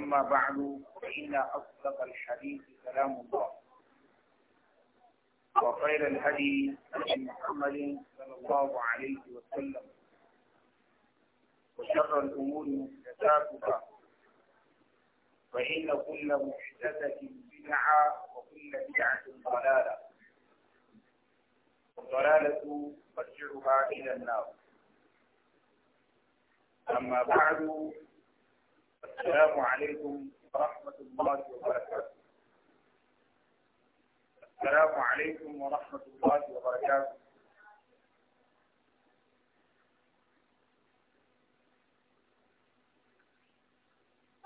أما بعد فإن أصدق الحديث كلام الله وخير الهدي هدي محمد صلى الله عليه وسلم وشر الأمور محدثاتها فإن كل محدثة بدعة وكل بدعة ضلالة والضلالة ترجعها إلى النار أما بعد السلام عليكم ورحمة الله وبركاته السلام عليكم ورحمة الله وبركاته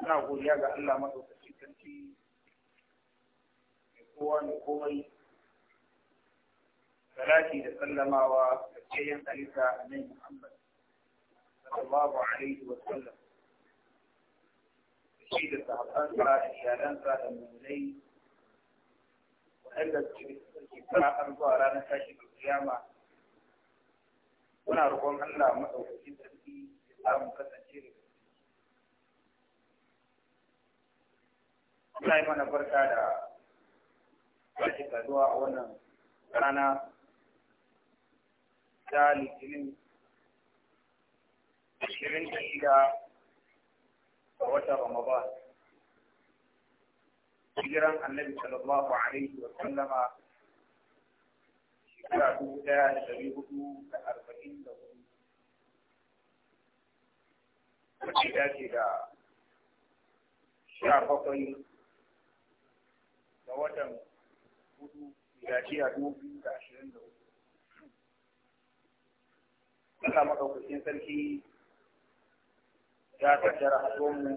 أنا أقول يا الله ما تفسيك أنت يكون قوي فلاكي تسلم وكيان أليس أمين محمد صلى الله عليه وسلم shi da sahabbansa da iyalansa da mulai waɗanda suke fara'ar zuwa ranar tashin kiyama muna roƙon Allah maɗaukakin sarki ya samu kasance da Allah yi mana barka da sake saduwa a wannan rana ta litinin ashirin da shida ga watan Ramadan hijiran annabi sallallahu alaihi wa sallama shekara dubu ɗaya da ɗari hudu da arba'in da hudu wacce dace da sha bakwai da watan hudu miladiya dubu biyu da ashirin da hudu Allah maɗaukakin sarki ya tattara a haɗuwanmu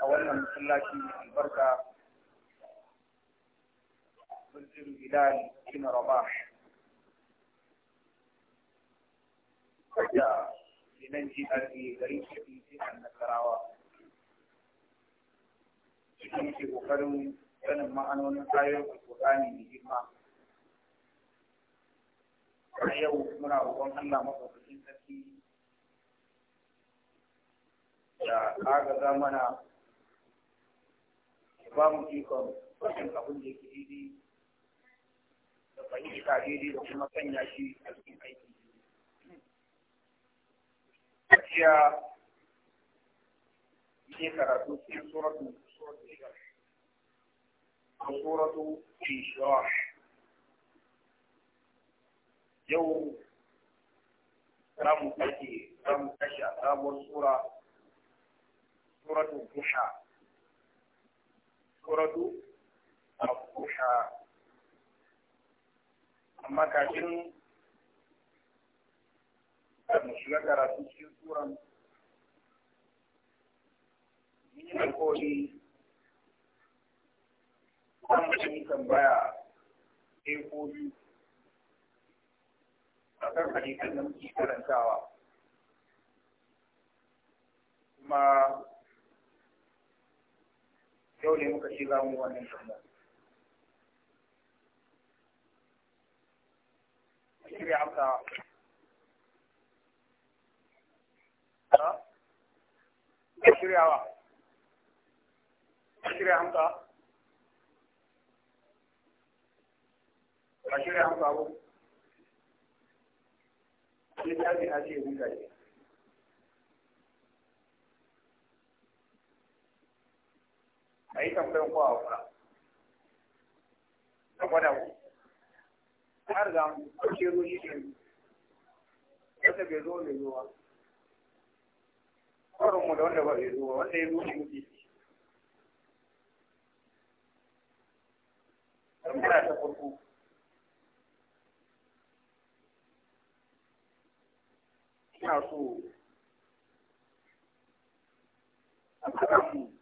a wannan masallaci albarka birjin bilal kina rabah da dinan jihar garin shaɗi jihar nasarawa cikin ke ƙoƙarin sanin ma'anonin kayan alƙur'ani mai girma a yau muna roƙon allah maɗaukakin sarki da agaza mana ba mu ikon wajen abin da yake daidai da fahimta daidai da kuma sanya shi a cikin aiki. Gaskiya ke karatu cikin suratu suratu Ishaq. Yau za mu tashi a sabuwar sura سورة الضحى سورة الضحى أما كاشن المشكلة كراتي في سورة من القولي kan mutum tambaya ɗaya ko biyu a kan hadisan da karantawa kuma yau ne muka ce mu wannan tambaya shirya amsa shiryawa shirya amsa a shirya amsa ko a ce hujja ce a yi tambayin ko a wura a gwada ku har ga ƙarshe ruhi ne wanda bai zo mai zuwa mu da wanda ba bai zuwa wanda ya zo shi muke tambaya ta farko ina so a kaɗa mu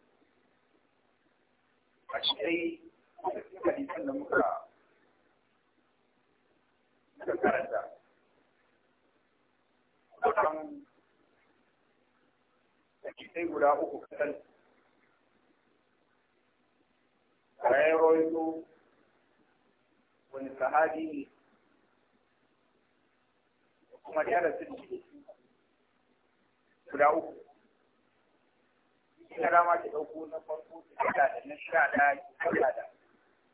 a da dai hadisan da muka muka karanta kusan hadisai guda uku kasan rayan rawaito wani sahabi ne kuma darasin guda uku kika dama ta ɗauko na farko ki kada da na sha ɗaya ki kada da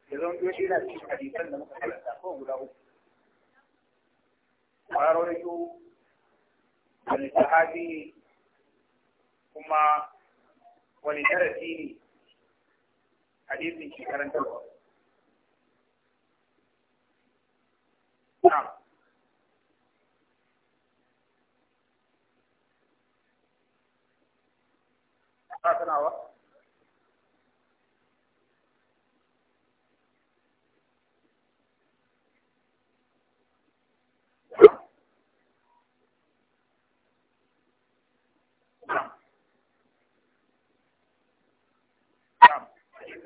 ya zama biyo shi na cikin hadisan da muka karanta kawai guda uku ƙwararwa yau wani sahabi kuma wani darasi ne hadisin shi karantarwa. Na'am. ba sanawa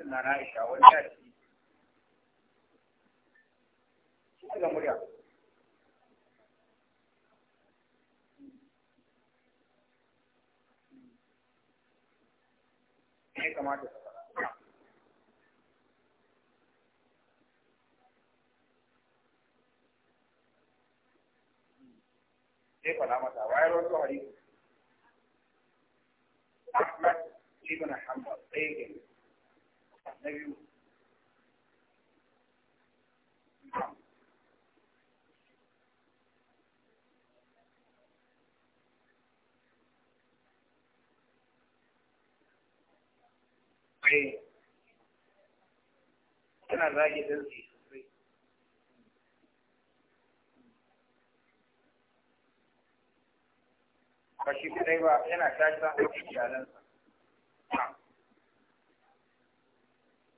na na isha wani ya ci. Shi ga murya. kamata su faɗa sai faɗa mata wayar wasu hadisi Ahmad ibn Hanbal ɗaya na biyu eh tana zagi dinsu sosai ba shi kadai ba yana tashi ran kafin iyalansa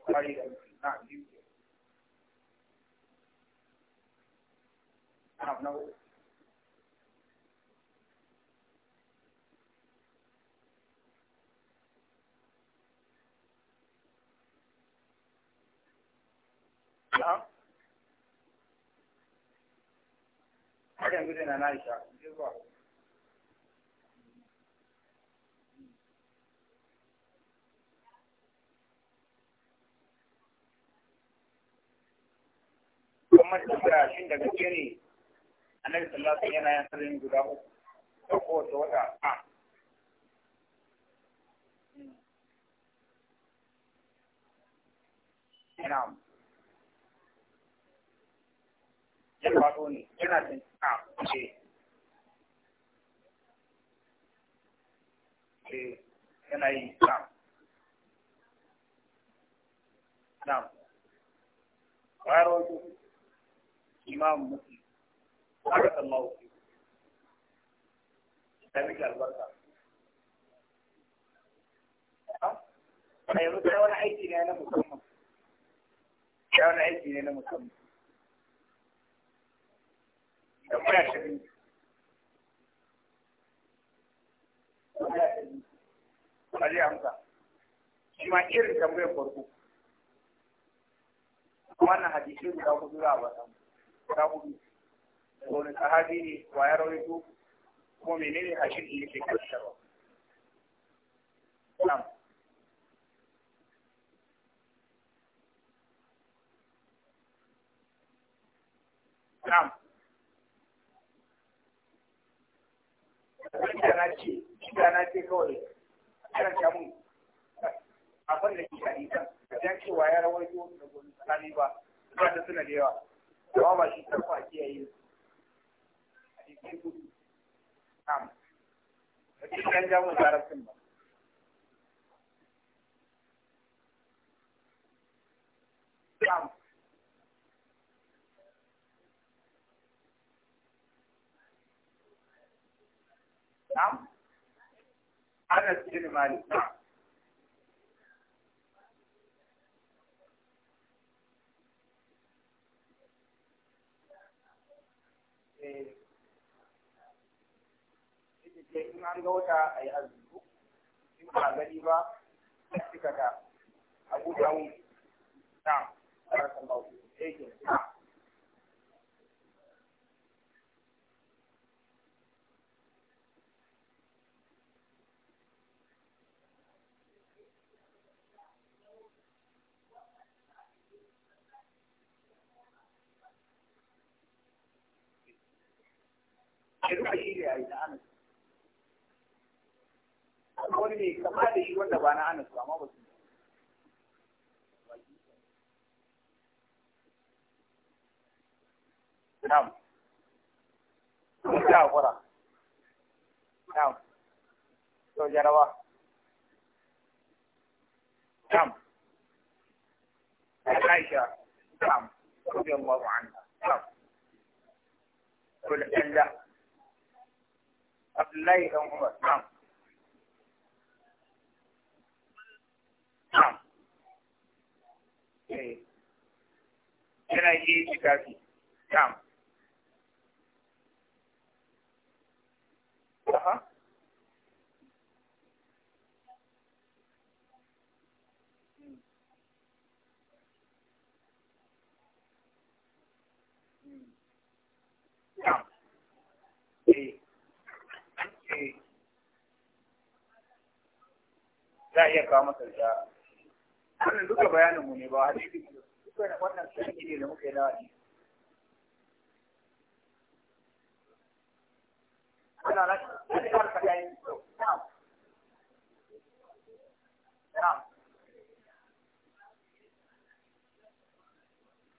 kwari da na biyu na na na'am har na Aisha zuwa kuma shi daga gaske ne annabi sallallahu yana yin guda uku da kowace wata a ya faɗo ne yana a ce eh. eh, yana yi na mawuki albarka a yanzu ta wani aiki ne na musamman ta aiki ne na musamman da amsa irin tambayar farko wannan hadisai guda hudu za a ba samu guda hudu wani sahabi ne wa ya rawaito kuma menene hashin ne ke karshewa Nam. Nam. inda na ce inda na ce kawai karanta mun abin da ke hadisan dan cewa ya rawaito da gurin tsani ba ba ta suna da yawa amma ba shi tarfa a kiyaye hadisai gudu am da ke jamun ba am na'am Anas bin Malik na'am eh, in an ga wata a yi arziki in ba gani ba a cika ta abu da wuce na ƙarfin bauta shirka shi ne a yi na anas wani ne kama da shi wanda ba na anas ba amma ba su Na'am. Ya kura. Na'am. To jarawa. Na'am. Aisha. Na'am. Rabbi Allah anha. Na'am. Kul Allah. Abdullahi dan Umar. Eh. Yana yi tikafi. Tam. Aha. za a iya kawo masa da wannan duka bayanin mu ne ba hadisi duka wannan sarki ne da muka yi na hadisi ana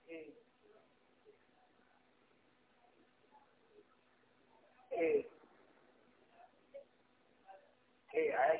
eh. Eh. eh, a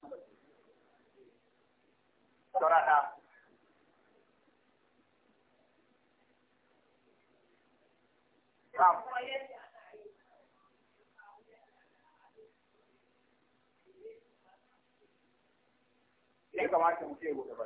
saura ɗa Ya kamata mu gobe ba.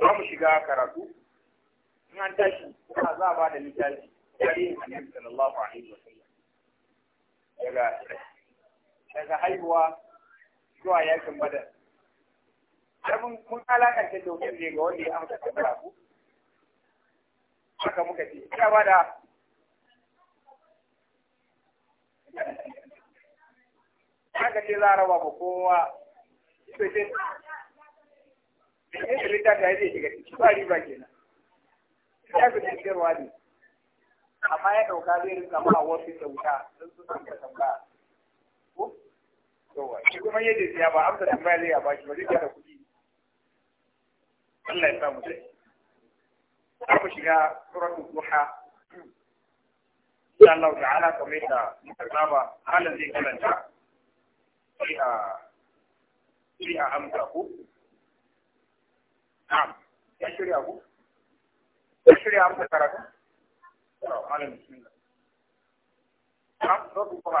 za mu shiga karatu in an tashi za a ba da littafi tarihin annabi sallallahu alaihi wa sallam daga haihuwa zuwa yakin badar abin kun alakanta dokin ne ga wanda ya amsa tambaya ku haka muka ce ina ba da haka ce za a raba ba kowa ita ce inda littafi ya zai shiga ciki ba kenan ne amma ya ɗauka zai rinka ma wasu kyauta don su san ka yadda siya ba amsa zai ya ba shi ba zai kuɗi Allah ya sa mu za shiga suratul duha insha Allah kamar yadda muka saba halin zai karanta sai a a amsa ku na'am ya shirya ku ya shirya amsa karatu to malam bismillah na'am zo ku fara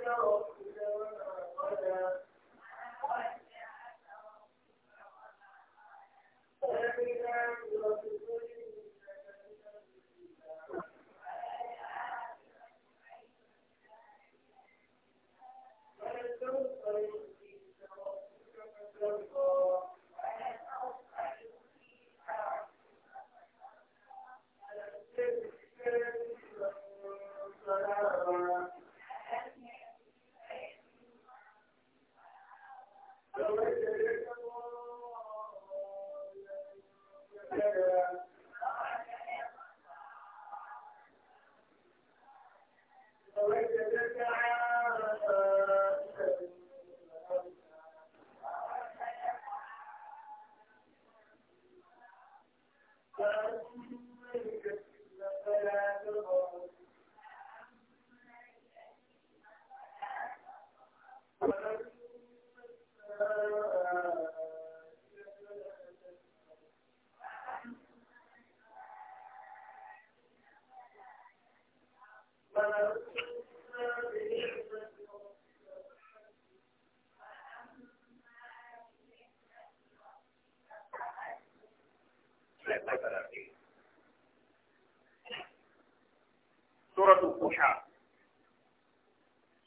Sura,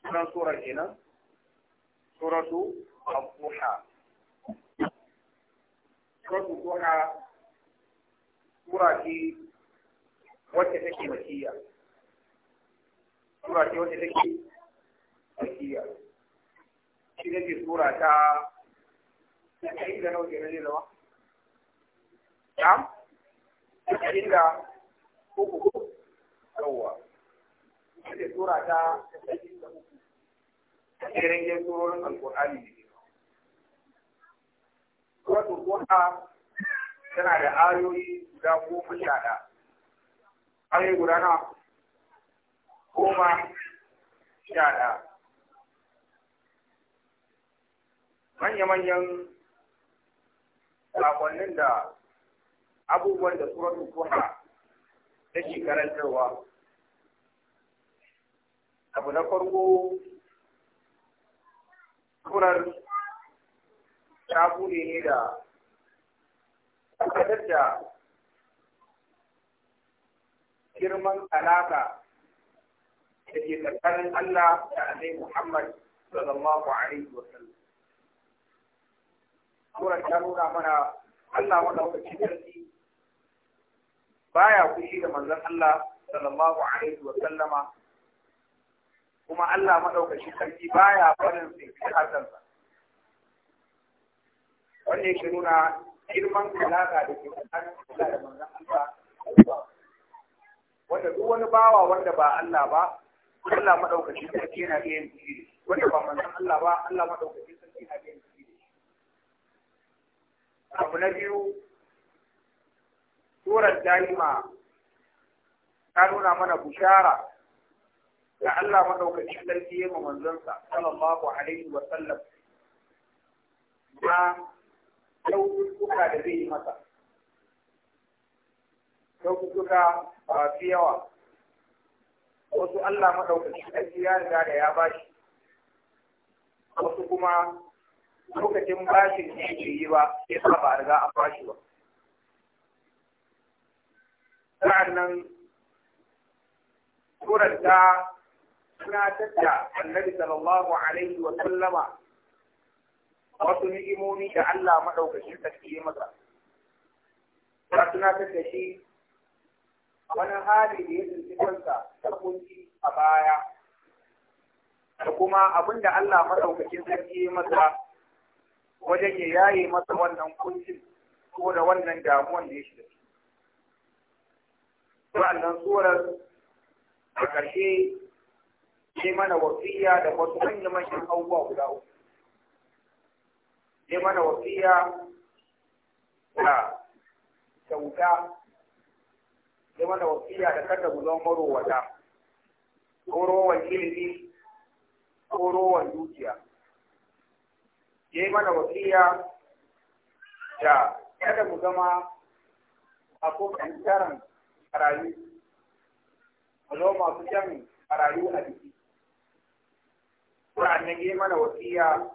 suran suran jina suran su abusha suran su sura sura ce wace ce ke matiyya sura ce wace ce ke matiyya ce ce ce surata yake cika yau jirgin ruwa da yake cika ita sura ta irin yin surorin alkur'ani ne suratul duha tana da ayoyi guda goma sha ɗaya ayoyi guda na goma sha ɗaya manya-manyan sakonnin da abubuwan da suratul ta take karantarwa abu na farko surar ta bude ne da kadar da girman alaka da ke tsakanin Allah da Annabi Muhammad sallallahu alaihi wa sallam. kuma ta nuna mana Allah madaukakin shi baya kushi da manzon Allah sallallahu alaihi wa sallama kuma Allah maɗaukaci sarki baya barin su kai azansa wannan yake nuna girman alaƙa da ke tsakanin Allah da manzon Allah wanda duk wani bawa wanda ba Allah ba Allah maɗaukaci sarki yana iya yin fushi wanda ba manzon Allah ba Allah maɗaukaci sarki yana iya yin fushi abu na biyu surar dalima ta nuna mana bushara da Allah madaukakin sarki ya manzansa sallallahu alaihi wa sallam na kyaututtuka da zai yi masa kyaututtuka ba fi yawa wasu Allah maɗaukacin sarki ya riga da ya bashi wasu kuma lokacin bashin ne bai yi ba sai ba ba riga a bashi ba sa'an nan turar tunatar da annabi sallallahu alaihi wa sallama wasu ni'imomi da Allah maɗaukacin ta ya masa. Tana tunatar da shi wani hali da ya tsinci kansa ta kunci a baya da kuma abin da Allah maɗaukacin ta ya masa wajen ya yaye masa wannan kuncin ko da wannan damuwan da ya shiga. Wa'annan surar a ƙarshe sai mana wasiya da wasu hanyar manyan abubuwa guda uku sai mana wasiya da kyauta sai mana wasiya da kada mu zama marowata ko rowan ilimi ko rowan dukiya sai mana wasiya da kada mu zama abokan taron rayu mu zama masu jan rayu a jiki sa'annan yi mana wasiya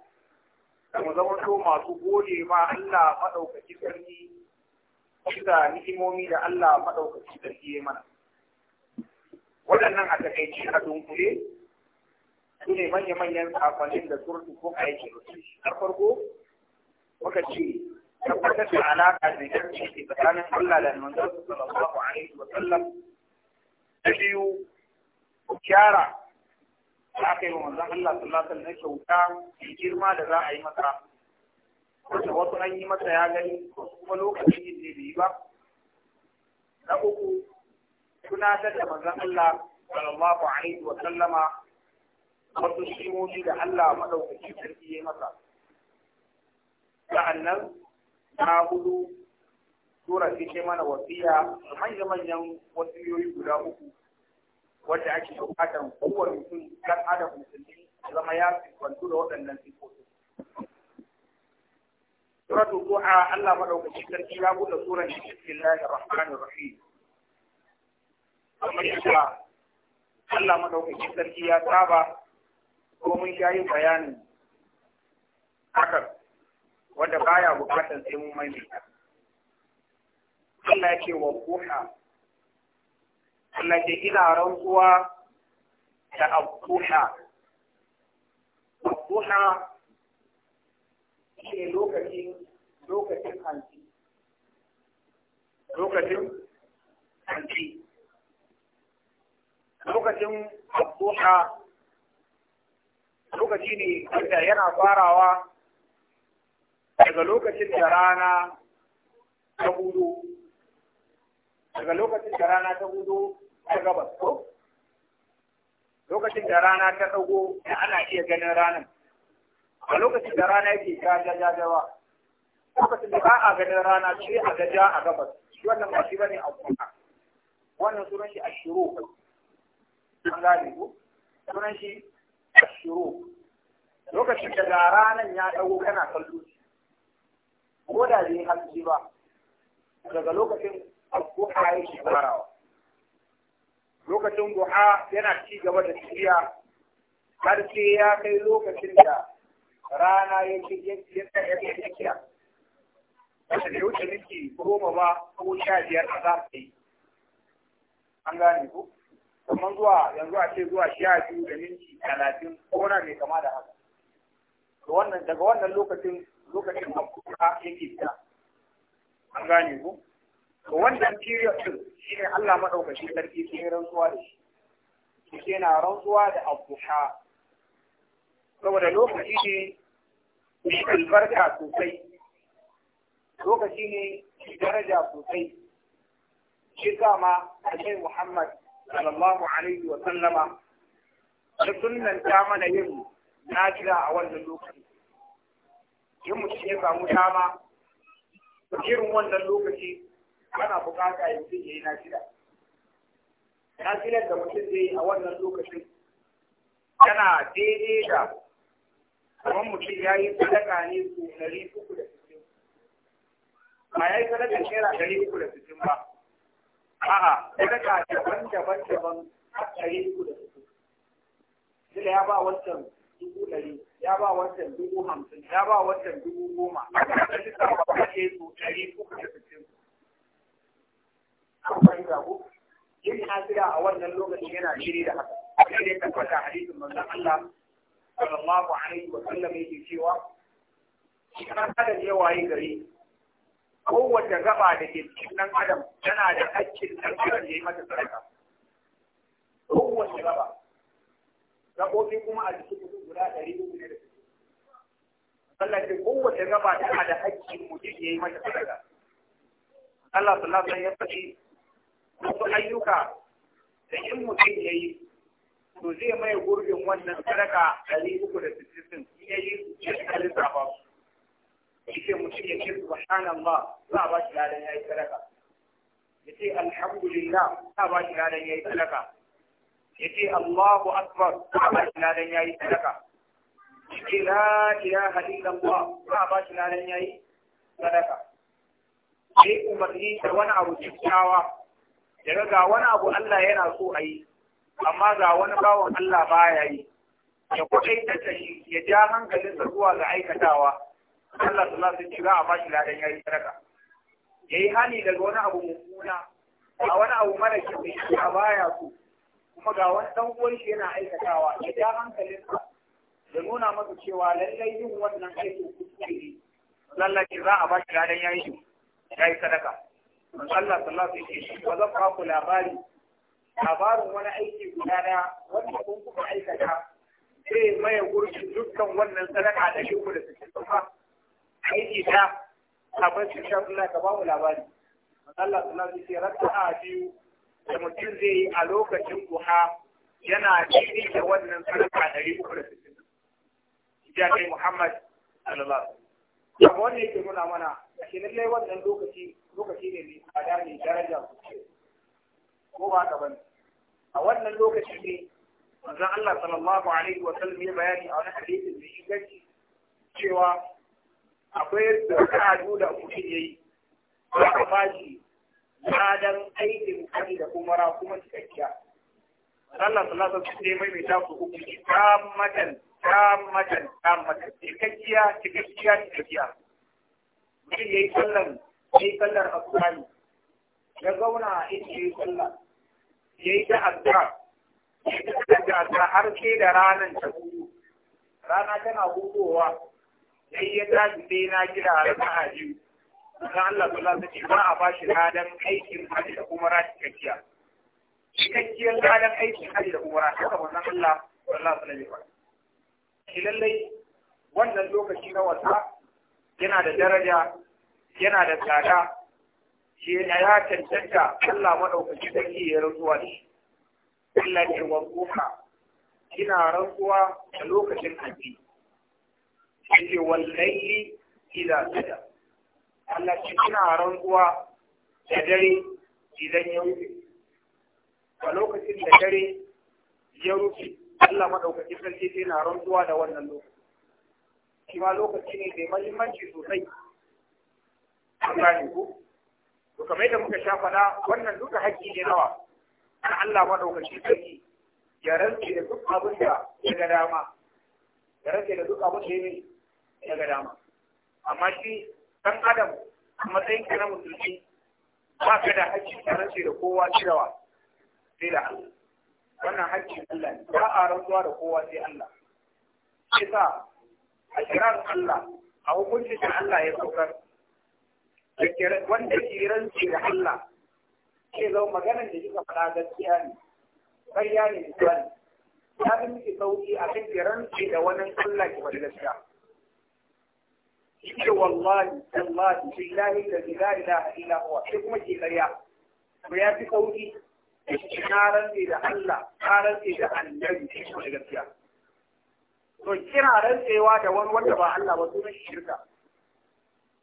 da mu zama to masu gode ma Allah maɗaukaci sarki bisa ni'imomi da Allah maɗaukaci sarki ya mana. Waɗannan a takaici a dunkule su ne manya-manyan sakonnin da surtu ko aiki na farko muka ce tabbatar da alaƙa da tsakanin Allah da manzon sallallahu alaihi wa sallam. Na biyu gyara da aka yi wa manzon Allah sallallahu alaihi wasallam kyauta mai girma da za a yi masa wanda wasu an yi masa ya gani wasu kuma lokacin yin ne yi ba na uku tunatar da manzon Allah sallallahu alaihi wa sallama wasu shimoji da Allah madaukakin sarki ya masa sa'annan na hudu tura ce mana wasiya da manya-manyan wasiyoyi guda uku wanda ake bukatar kowane mutum kan adam musulmi zama ya kwantu da waɗannan sifofi suratu du'a Allah madaukaki sarki ya buɗe suran shi bismillahir rahmanir rahim kamar yadda Allah madaukaki sarki ya saba domin ya yi bayanin hakan wanda baya bukatar sai mun maimaita Allah ya ce wa duha Allah ce ina rantsuwa da abduha abduha ne lokacin lokacin hanci lokacin hanci lokacin abduha lokaci ne wanda yana farawa daga lokacin da rana ta hudu daga lokacin da rana ta gudu a gabas ko lokacin da rana ta dago ana iya ganin ranar a lokacin da rana yake jajajawa lokacin da ba a ganin rana sai a gaja a gabas shi wannan ba shi bane a kuma wannan sunan shi ashuru an gane ko sunan shi ashuru lokacin da ranan ya dago kana kallo ko da bai hanci ba daga lokacin farawa lokacin duha yana ci gaba da tafiya har sai ya kai lokacin da rana ya yake tafiya wata da wuce miki goma ba ko sha biyar a za ta yi an gane ku kamar zuwa yanzu a ce zuwa sha biyu da minti talatin ko na mai kama da haka to wannan daga wannan lokacin lokacin da kuka yake fita an gane ku wannan period din shine Allah madaukaki sarki ke rantsuwa da shi na rantsuwa da abuha saboda lokaci ne shi albarka sosai lokaci ne shi daraja sosai shi kama a Muhammad sallallahu alaihi wa sallama da sunan ta mana yin najira a wannan lokaci yin mutum ya samu dama irin wannan lokaci Yana bukata ya mutum ya yi na shida na shidan da mutum zai yi a wannan lokacin yana daidai da kamar mutum ya yi sadaka ne su dari uku da sittin ba ya yi sadaka naira dari uku da sittin ba a'a sadaka daban-daban daban har uku da sittin sila ya ba wancan dubu ɗari ya ba wancan dubu hamsin ya ba wancan dubu goma a ƙarƙashin sa ba ɗari uku da sittin an fahimta ko yin nafila a wannan lokacin yana shiri da haka sai dai tabbata hadisin manzon Allah sallallahu alaihi wa sallam yake cewa ɗan adam ya waye gari kowace gaba da ke cikin ɗan adam tana da hakkin ɗan adam ya yi mata sadaka kowace gaba gaɓoɓi kuma a cikin guda ɗari uku ne da su Allah ce kowace gaba tana da hakkin mutum ya yi mata sadaka Allah sallallahu alaihi wa sallam ya faɗi wasu ayyuka da in mutum ya yi to zai mai gurbin wannan sadaka ɗari uku da sittin ya yi ya shi halitta ba su ya ce mutum ya ce ba, za a ba shi ladan ya yi sadaka ya ce alhamdulillah za a ba shi ladan ya yi sadaka ya ce allahu akbar za a ba shi ladan ya yi sadaka ya ce la ilaha illallah za a ba shi ladan ya yi sadaka sai umarni da wani abu kyakkyawa daga ga wani abu Allah yana so a yi amma ga wani bawon Allah baya yi ya kwaɗaitar ta shi ya ja hankalinsa zuwa ga aikatawa Allah sallallahu ci wasallam a bashi ladan yayi sadaka yi hali daga wani abu mummuna a wani abu mara kyau shi a baya so kuma ga wani ɗan uwan shi yana aikatawa ya ja hankalinsa ya nuna masa cewa lallai yin wannan aikin kuskure ne lallai za a bashi ladan ya yi sadaka Allah sallallahu alaihi wasallam ba ba ku labari labarin wani aiki guda daya wanda kun kuka aikata zai maye gurbi dukkan wannan sadaka da shi da suke tsufa aiki ta sabon su sha Allah ka ba mu labari Allah sallallahu alaihi wasallam raka'a biyu da mutum zai yi a lokacin duha yana cikin da wannan sadaka da shi da suke tsufa ya kai Muhammad sallallahu alaihi Amma wannan ke nuna mana a shi lallai wannan lokaci lokaci ne mai tsada mai daraja ko ba ka bane. A wannan lokaci ne manzon Allah sallallahu alaihi wa sallam ya bayani a wani hadisi mai inganci cewa akwai al'adu da mutum yayi ko ka bashi ladan aikin kai da umara kuma cikakkiya. Allah sallallahu alaihi wa sallam ya maimaita ku uku kamatan tamatan tamatan cikakkiya cikakkiya cikakkiya mutum ya yi sallan ya yi sallar asali ya zauna a inda ya yi ya yi ta azra ya yi ta azra har sai da ranar ta hudu rana tana hudowa sai ya tashi sai na gida a a biyu dan Allah su ce ba a bashi ladan aikin hajji da umara cikakkiya cikakkiyar ladan aikin hajji da umara haka wannan Allah sallallahu alaihi wasallam lallai wannan lokaci na wata yana da daraja yana da tsada shi ya cancanta Allah maɗaukaki sarki ya rantsuwa ne. shi Allah ne wanzuka yana rantsuwa a lokacin haji yake wallaili ila tsada. Allah ce yana rantsuwa da dare idan ya rufe a lokacin da dare ya rufe Allah madaukakin sarki sai na rantsuwa da wannan lokaci shi ma lokaci ne mai mahimmanci sosai an gane ku to kamar yadda muka sha faɗa wannan duka haƙƙi ne nawa na Allah madaukakin sarki ya rantsi da duk abin da ya ga dama ya rantsi da duk abin da ya ya ga dama amma shi dan adam a matsayin kana musulmi ba ka da haƙƙi ka rantsi da kowa cirawa sai da Allah wannan hakkin Allah ne ba a rantsuwa da kowa sai Allah sa? a kiran Allah a hukuncin da Allah ya saukar wanda ke rantsi da Allah ke zo maganar da kika faɗa gaskiya ne ƙarya ne da ne ya fi miki sauƙi a kan ki rantsi da wani Allah ki Wani gaskiya Ike wallahi wallahi lahi da la da haɗi huwa sai kuma ke ƙarya ya fi sauƙi na rantsi da Allah na rantsi da annabi shi ne gaskiya to kina rantsewa da wani wanda ba Allah ba sunan shirka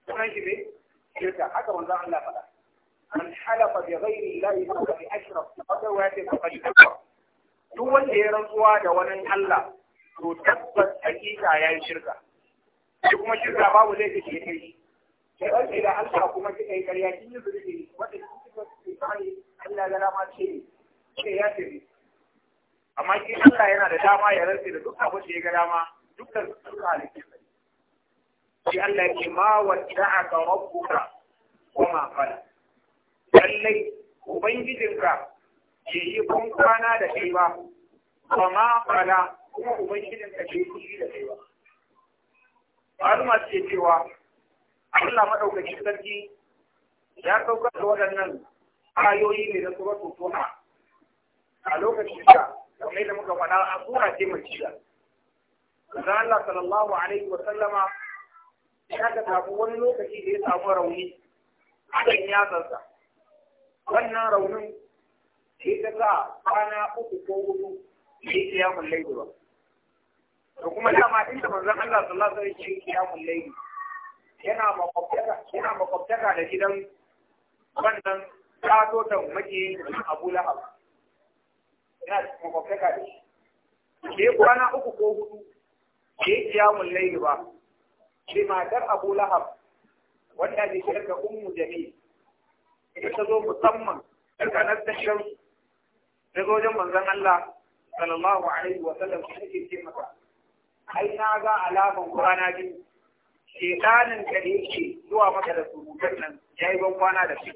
sunan shi ne shirka haka manzo Allah faɗa man halafa bi ghairi ilahi fa qad ashraf haka wa yake fa qad duk wanda ya rantsuwa da wani Allah to tabbas hakika yayin shirka shi kuma shirka babu zai laifi ke kai shi rantsi da Allah kuma kika yi ƙarya kin yi zulubi wanda kika yi Allah ya dama ce ya ce amma shi Allah yana da dama ya rantse da duk abin da ya ga dama dukkan su halittu sai Allah ya ce ma wada'aka rabbuka wa ma qala lallai ubangijinka ke yi kun kwana da kai ba ko ma fada kuma ubangijinka ke yi da kai ba maluma ce cewa Allah maɗaukaki sarki ya saukar da waɗannan ayoyi ne da suratul tona a lokacin da kamar da muka fada a sura ce mai cida da Allah sallallahu alaihi wa sallama ya ka tafi wani lokaci da ya samu rauni a kan yatsarsa wannan raunin shi ta a kwana uku ko hudu da ya kiyamun laifi ba da kuma dama inda manzon Allah sallallahu alaihi wa sallam ya kiyamun laifi yana makwabtaka da gidan wannan ta zo ta makiyin abu lahab yana makwabtaka da shi ke kwana uku ko hudu ke kiyamun laili ba ke matar abu lahab wanda ne shirka ummu jami ita ta zo musamman daga nan ta shirku ta zo wajen manzon Allah sallallahu alaihi wa sallam ta take ce masa ai na ga alaman kwana biyu shekanin ka da yake zuwa maka da surutan nan ya yi ban kwana da shi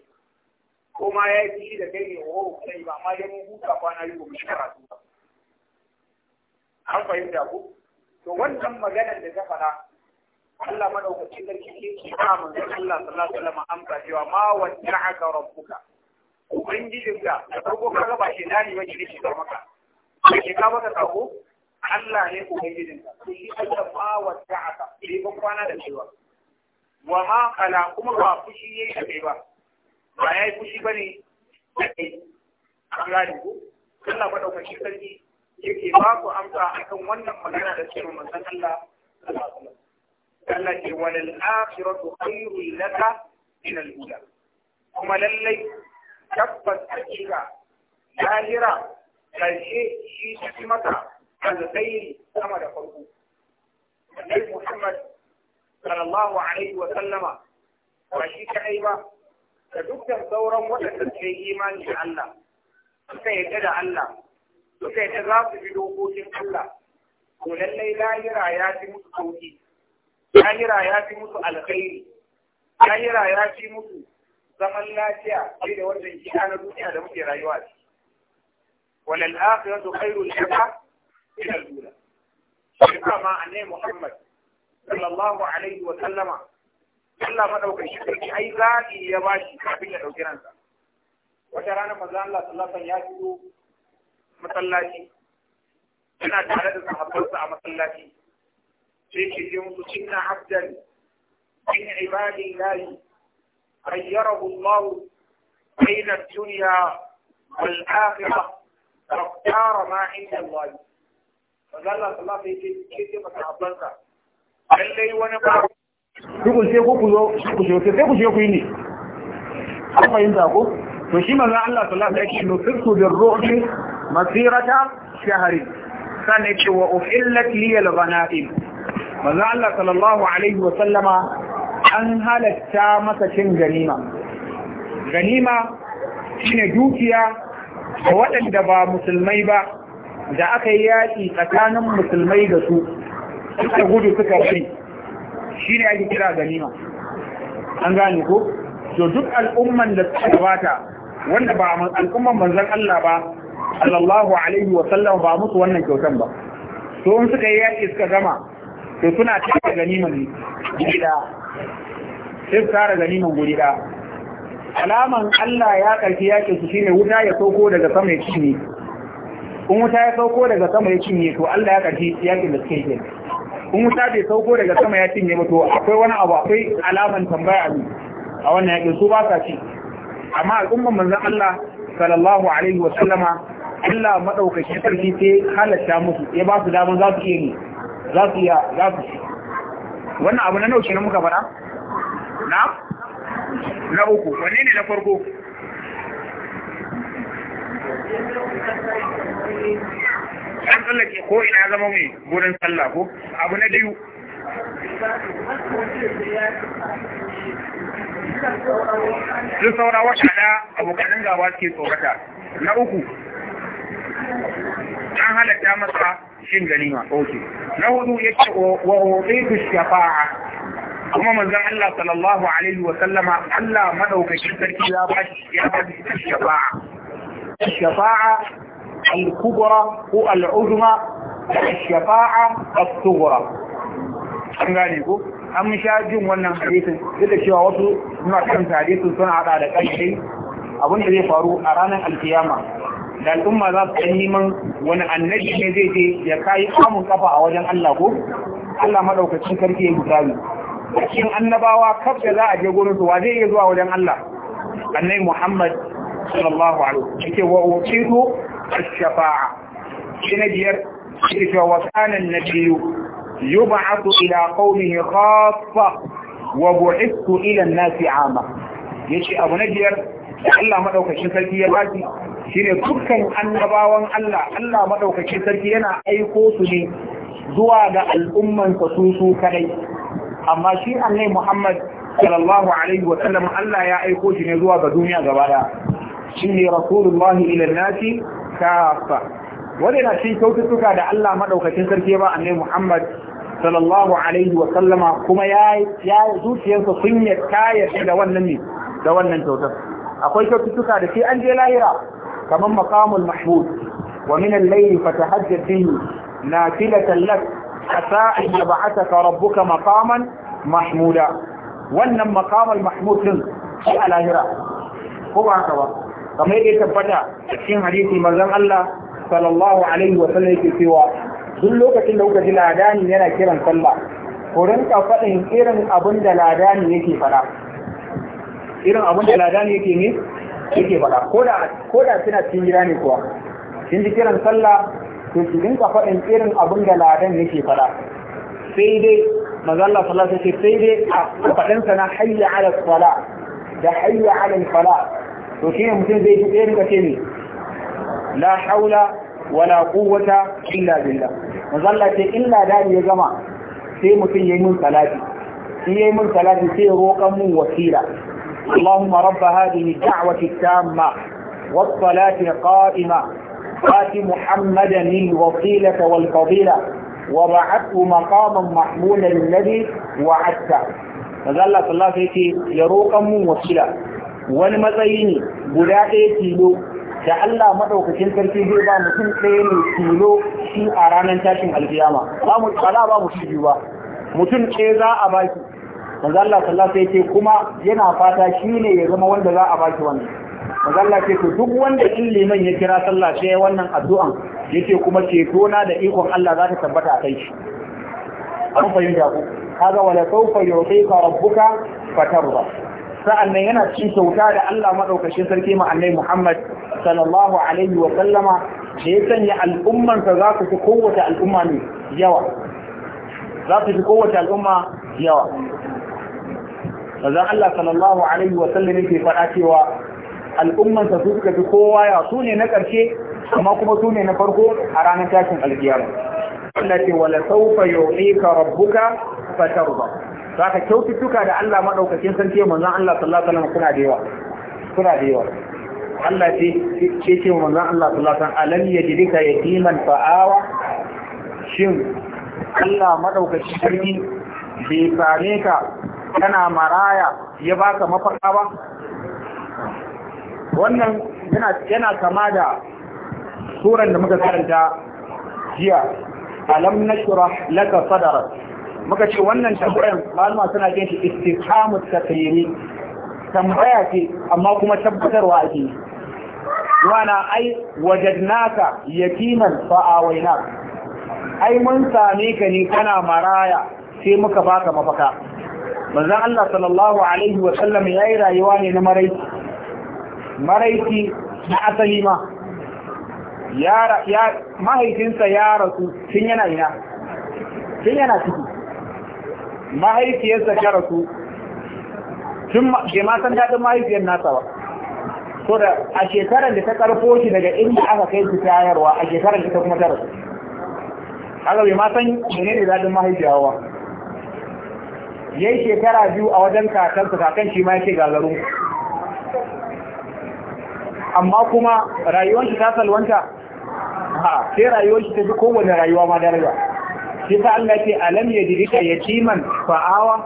ko ma ya yi da kai ne wa oh, kai ba ma dai mun huta kwana yi mu shekara su ba an fahimta ku to wannan maganar da ta fara Allah madaukakin sarki ke ce ba manzon Allah sallallahu alaihi wasallam amsa cewa ma wadda'aka rabbuka ubangijinka da farko kaga ba shi dani ba ne shi maka ke ka maka sako Allah ne ubangijinka to shi Allah ma wadda'aka bai ban kwana da cewa wa ma kala kuma ba fushi yayi da kai ba ba ya yi fushi ba ne da kai an gane ku Allah maɗaukaki sarki yake ba ku amsa akan wannan magana da cewa manzon Allah Allah ke walal akhiratu khairul laka min al kuma lallai tabbas hakika lahira karshe shi shi maka alkhairi sama da farko Annabi Muhammad sallallahu alaihi wa sallama ba shi kai ba da dukkan sauran waɗanda suke imani da Allah suka yadda da Allah suka yadda za su bi dokokin Allah to lallai lahira ya fi musu sauki lahira ya fi musu alkhairi lahira ya fi musu zaman lafiya sai da wannan gida na duniya da muke rayuwa da walal akhiratu khairul lana min al shi kuma annabi Muhammad sallallahu alaihi wa sallama Allah shi sarki ai zaki ya bashi kafin ya ɗauki ransa wata rana manzo Allah sallallahu alaihi wasallam ya fito masallaci yana tare da sahabbansa a masallaci sai ke ji musu cinna abdan min ibadi lahi ayyarahu Allah bayna dunya wal akhirah فاختار ما عند الله manzo Allah sallallahu alaihi ya ce ke ce masahabbansa lallai wani ba ku kulce ku zo ku zo sai ku je ku yi ne an fahimta ko to shi manzo Allah sallallahu alaihi wasallam yake su da ru'bi masirata shahri sanne ce wa uhillat li al ghanaim manzo Allah sallallahu alaihi wasallama an halatta masa cin ganima ganima shine dukiya da waɗanda ba musulmai ba da aka yi yaƙi tsakanin musulmai da su suka gudu suka fi. shi ne ake kira ganima an gane ko to duk al'umman da suka gabata wanda ba al'umman manzon Allah ba sallallahu alaihi wa sallam ba musu wannan kyautan ba to in suka yi yaƙi suka gama to suna tara ganiman guri ɗaya sai tsara tara ganiman guri ɗaya alaman Allah ya ƙarfi yaƙin su shine wuta ya sauko daga sama ya cinye in wuta ya sauko daga sama ya cinye to Allah ya ƙarfi yaƙin da suke kun wuta bai sauko daga sama ya cinye mutu akwai wani abu akwai alaman tambaya ne a wannan yakin su ba sa ci amma al'umman manzon Allah sallallahu alaihi wa sallama Allah madaukaki sarki sai halatta musu ya ba su dama za su iya ni za su iya za su ci wannan abu na nau ne muka fara na na uku wanne ne na farko an tsallake ko ina zama mai gurin sallah ko abu na biyu sun saura wata da abokanin gaba ke tsorata na uku an halatta masa shin ganima ok na hudu ya ce wa hudu shafa'a kuma manzon Allah sallallahu alaihi wa sallama Allah madaukakin sarki ya ba shi shafa'a shafa'a al-kubra ko al-uzma shafa'a as an gane ko an sha jin wannan hadisin duk da cewa wasu suna kan hadisin suna hada da kanshi abin da zai faru a ranar alkiyama da al'umma za su ɗan neman wani annabi ne zai je ya kai kamun kafa a wajen Allah ko Allah madaukakin sarki ya misali cikin annabawa kaf da za a je gurin su wa zai iya zuwa wajen Allah annabi Muhammad sallallahu alaihi wasallam yake wa utitu الشفاعة شنجر شركة وكان النبي يبعث إلى قومه خاصة وبعثت إلى الناس عامة يشي أبو نجر الله مدوك شنسلتي يباتي shine dukkan annabawan Allah Allah madaukaki sarki yana aiko su ne zuwa ga al'umman sa su su kadai amma shi annai Muhammad sallallahu alaihi wa sallam Allah ya aiko shi ne zuwa ga duniya gaba daya shine rasulullah ila nasi kafa wanda na cikin kyaututtuka da Allah madaukakin sarki ba annabi Muhammad sallallahu alaihi wa sallama kuma ya ya zuciyarsa sun ya kaya da wannan ne da wannan kyautar akwai kyaututtuka da sai an je lahira kamar maqamul mahmud wa min al na fila bihi nafilatan lak asa an yab'athaka rabbuka maqaman mahmuda wannan maqamul mahmud din a lahira ko ba haka ba kamar yadda ya tabbata a cikin hadisi manzon Allah sallallahu alaihi wa sallam yake cewa duk lokacin da kuka ji ladani yana kiran sallah ku rinka faɗin irin abin da ladani yake faɗa irin abin da ladani yake ne yake faɗa ko da suna cikin gida ne kuwa kin ji kiran sallah to ki rinka faɗin irin abin da ladan yake faɗa sai dai manzo Allah sallallahu alaihi wa sallam sai dai a faɗin sana hayya ala sala da hayya ala fala to shi ne mutum zai tuɗe rika ce ne la haula wala quwwata illa billah mazalla ce illa da ya gama sai mutum yayi mun salati shi yayi mun salati sai roƙan mun wasila اللهم رب هذه الدعوة التامة والصلاة القائمة آت محمدا الوسيلة والفضيلة وبعثه مقاما محمولا الذي وعدته فذل الله عليه يروقا من وسيلة wani matsayi ne guda ɗaya tilo da Allah maɗaukacin sarki zai ba mutum ɗaya ne tilo shi a ranar tashin alfiyama. ba mu tsala ba mu shi biyu ba mutum ɗaya za a baki manzo Allah sallallahu alaihi wasallam kuma yana fata shi ne ya zama wanda za a baki wannan manzo Allah ce to duk wanda in liman ya kira sallah sai wannan addu'an yace kuma ceto na da ikon Allah za ta tabbata a kai shi an fahimta ku kaga wala sawfa yu'tika rabbuka ba. sa'annan yana cin kyauta da Allah maɗaukashin sarki ma Muhammad sallallahu alaihi wa sallama da ya sanya al'umman za ku fi kowace al'umma ne yawa za ku fi kowace al'umma yawa Manzon Allah sallallahu alaihi wa sallam yake faɗa cewa al'umman su suka fi kowa ya su ne na ƙarshe amma kuma su ne na farko a ranar tashin alkiyama Allah ce wala sawfa yu'tika rabbuka fatarda saka kyaututtuka da Allah madaukakin sarki manzon Allah sallallahu alaihi wasallam kuna da yawa kuna da yawa Allah ce ce ce manzon Allah sallallahu alaihi wasallam alam yajidika yatiman fa'awa shin Allah madaukakin sarki bai same ka kana maraya ya baka mafaka ba wannan yana kama da suran da muka karanta jiya alam nashrah laka sadrak muka ce wannan tambayan malama suna jin shi istiqamu taqriri tambaya ce amma kuma tabbatarwa ake wana ai wajadnaka yatiman fa awaina ai mun same ka ne kana maraya sai muka baka mafaka manzon Allah sallallahu alaihi wa sallam yayi rayuwa ne na maraici na asali ma ya mahaifinsa ya rasu tun yana ina tun yana ciki mahaifiyarsa ta rasu tun bai daɗin mahaifiyar nasa ba so da a shekarar da ta karfo shi daga inda aka kai su tayarwa a shekarar da ta kuma ta rasu haka bai ma ne ne daɗin mahaifiyarwa. ba yayi shekara biyu a wajen kakansa kakan shi ma yake gagaru amma kuma rayuwar shi ta salwanta ha sai rayuwar shi ta fi kowane rayuwa ma daraja sai ta Allah ce alam ya dirika yatiman fa'awa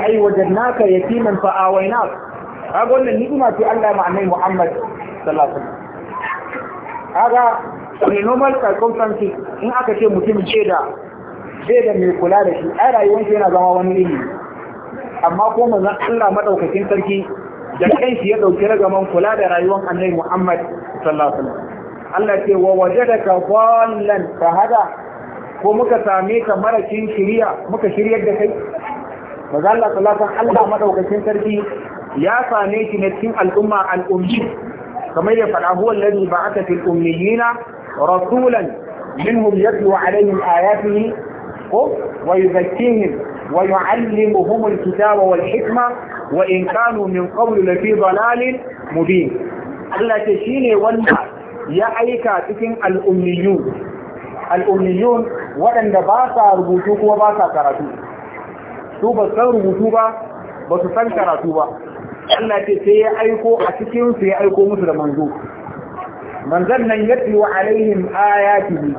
ai wajannaka yatiman fa'awaina kaga wannan ni'ima ce Allah ma annabi Muhammad sallallahu alaihi wasallam kaga in normal circumstances in aka ce mutum ce da zai da mai kula da shi ai rayuwar shi yana zama wani iri amma ko manzon Allah madaukakin sarki da kanshi ya dauki ragaman kula da rayuwar annabi Muhammad sallallahu alaihi wasallam Allah ce wa wajadaka dhallan hada? ko muka same ka marakin shirya muka shiryar da kai maza Allah sallallahu Allah madaukakin sarki ya same shi ne cikin al'umma al'ummi kamar ya faɗa huwa alladhi ba'atha fil ummiyina rasulan minhum yatlu alaihim ayatihi ko wa yuzakkihim wa yu'allimuhum al wal hikma wa in kanu min qablu lafi dalalin mubin Allah ce shine wanda ya aika cikin al'ummiyu al'ummiyun waɗanda ba sa rubutu kuma ba sa karatu su ba san rubutu ba ba su san karatu ba Allah ce sai ya aiko a cikin su ya aiko musu da manzo manzon nan ya yatlu alaihim ayatihi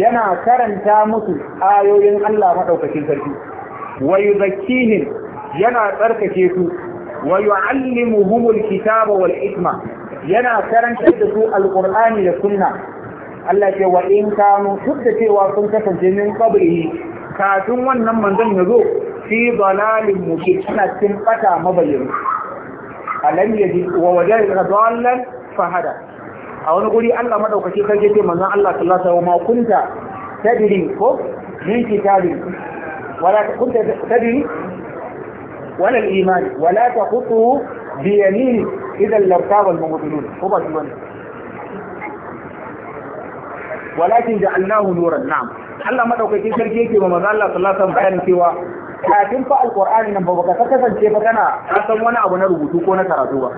yana karanta musu ayoyin Allah madaukakin sarki wa yuzakkihim yana tsarkake su wa yu'allimuhumul kitaba wal hikma yana karanta da su alqur'ani da sunna Allah ce wa in kanu duk da cewa sun kasance min qabrihi kafin wannan manzon ya zo fi dalalin muke suna cikin bata mabayin alam yaji wa wajada dalallan fahada a wani guri Allah madaukaki kai yake manzon Allah sallallahu alaihi wasallam ma kunta tadri ko min kitabi wala kunta tadri wala al-iman wala taqutu bi yamin idan lartaba al-mubtilun ko ba shi wannan walakin da ja'alnahu Nura na'am Allah madaukakin sarki yake ba manzo Allah sallallahu alaihi wasallam cewa kafin fa alqur'ani nan ba baka kasance ba kana san wani abu na rubutu ko na karatu ba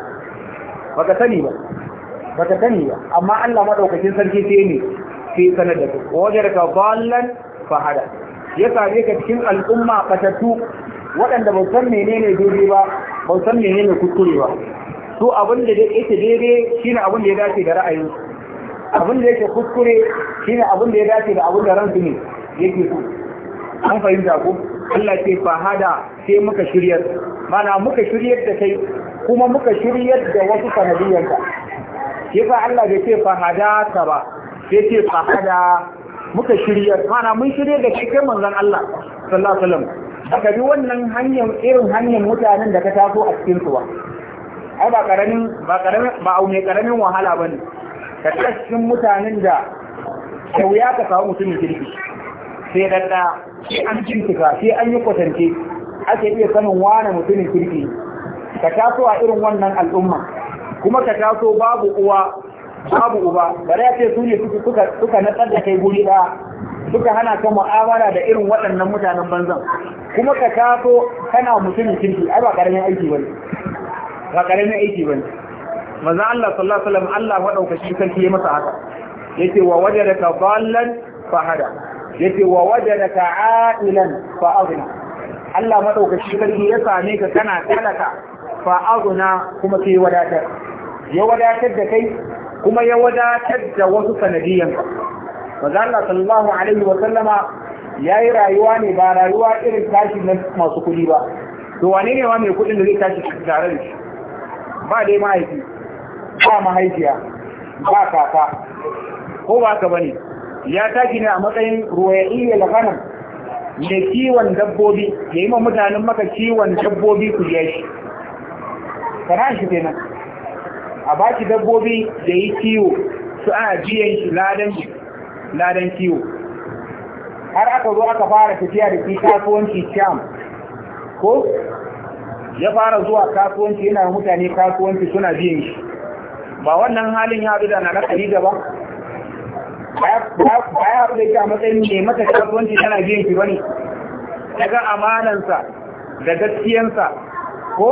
baka sani ba baka sani ba amma Allah madaukakin sarki sai ne sai sanar da ku wajarka ballan fahada ya same ka cikin al'umma katattu waɗanda ba san menene daidai ba ba san menene kuskure ba su abin da yake daidai shine abin da ya dace da ra'ayinsu. abin da yake kuskure ne abin da ya dace da abin da ransu ne yake so an fahimta ko Allah ce fa hada sai muka shiryar mana muka shiryar da kai kuma muka shiryar da wasu sanadiyanka ke fa Allah bai ce fa hada ta ba sai ce fa hada muka shiryar mana mun shiryar da kai manzon Allah sallallahu alaihi wasallam aka bi wannan hanyar irin hanyar mutanen da ka taso a cikin su ba ai ba karamin ba karamin ba au karamin wahala bane ka cikin mutanen da da ya ka samu mutumin kirki sai dan sai an bincika sai an yi kwatance ake iya sanin wane mutumin kirki ka taso a irin wannan al'umma kuma ka taso babu uwa babu uba Bari ya ce su ne suka suka natsar da kai guri ɗaya suka hana ka mu'amala da irin waɗannan mutanen banzan kuma ka taso kana mutumin kirki ai ba ƙaramin aiki bane ba ne. aiki bane manzo Allah sallallahu alaihi wasallam Allah madaukaki sarki ya masa haka yace wa wajadaka dallan fahada yace wa wajadaka a'ilan fa aghna Allah madaukaki sarki ya same ka kana talaka fa aghna kuma sai wadatar ya wadatar da kai kuma ya wadatar da wasu sanadiyan manzo Allah sallallahu alaihi wasallama yayi rayuwa ne ba rayuwa irin tashi na masu kuɗi ba to wane ne wa mai kuɗin da zai tashi tare da shi ba dai mahaifi ba mahaifiya ba kaka ko ba ka bane ya tashi ne a matsayin iya lafana mai kiwon dabbobi ya yi ma mutanen maka kiwon dabbobi ku ya shi na shi kenan a baki dabbobi da yi kiwo su ana biyan ladan shi kiwo har aka zo aka fara tafiya da shi kasuwanci sham ko ya fara zuwa kasuwanci yana mutane kasuwanci suna biyan shi ba wannan halin ya haɗu da na Khadija ba ba ya haɗu da ita a matsayin ne mata kasuwanci tana biyan ki bane daga amanansa da gaskiyansa ko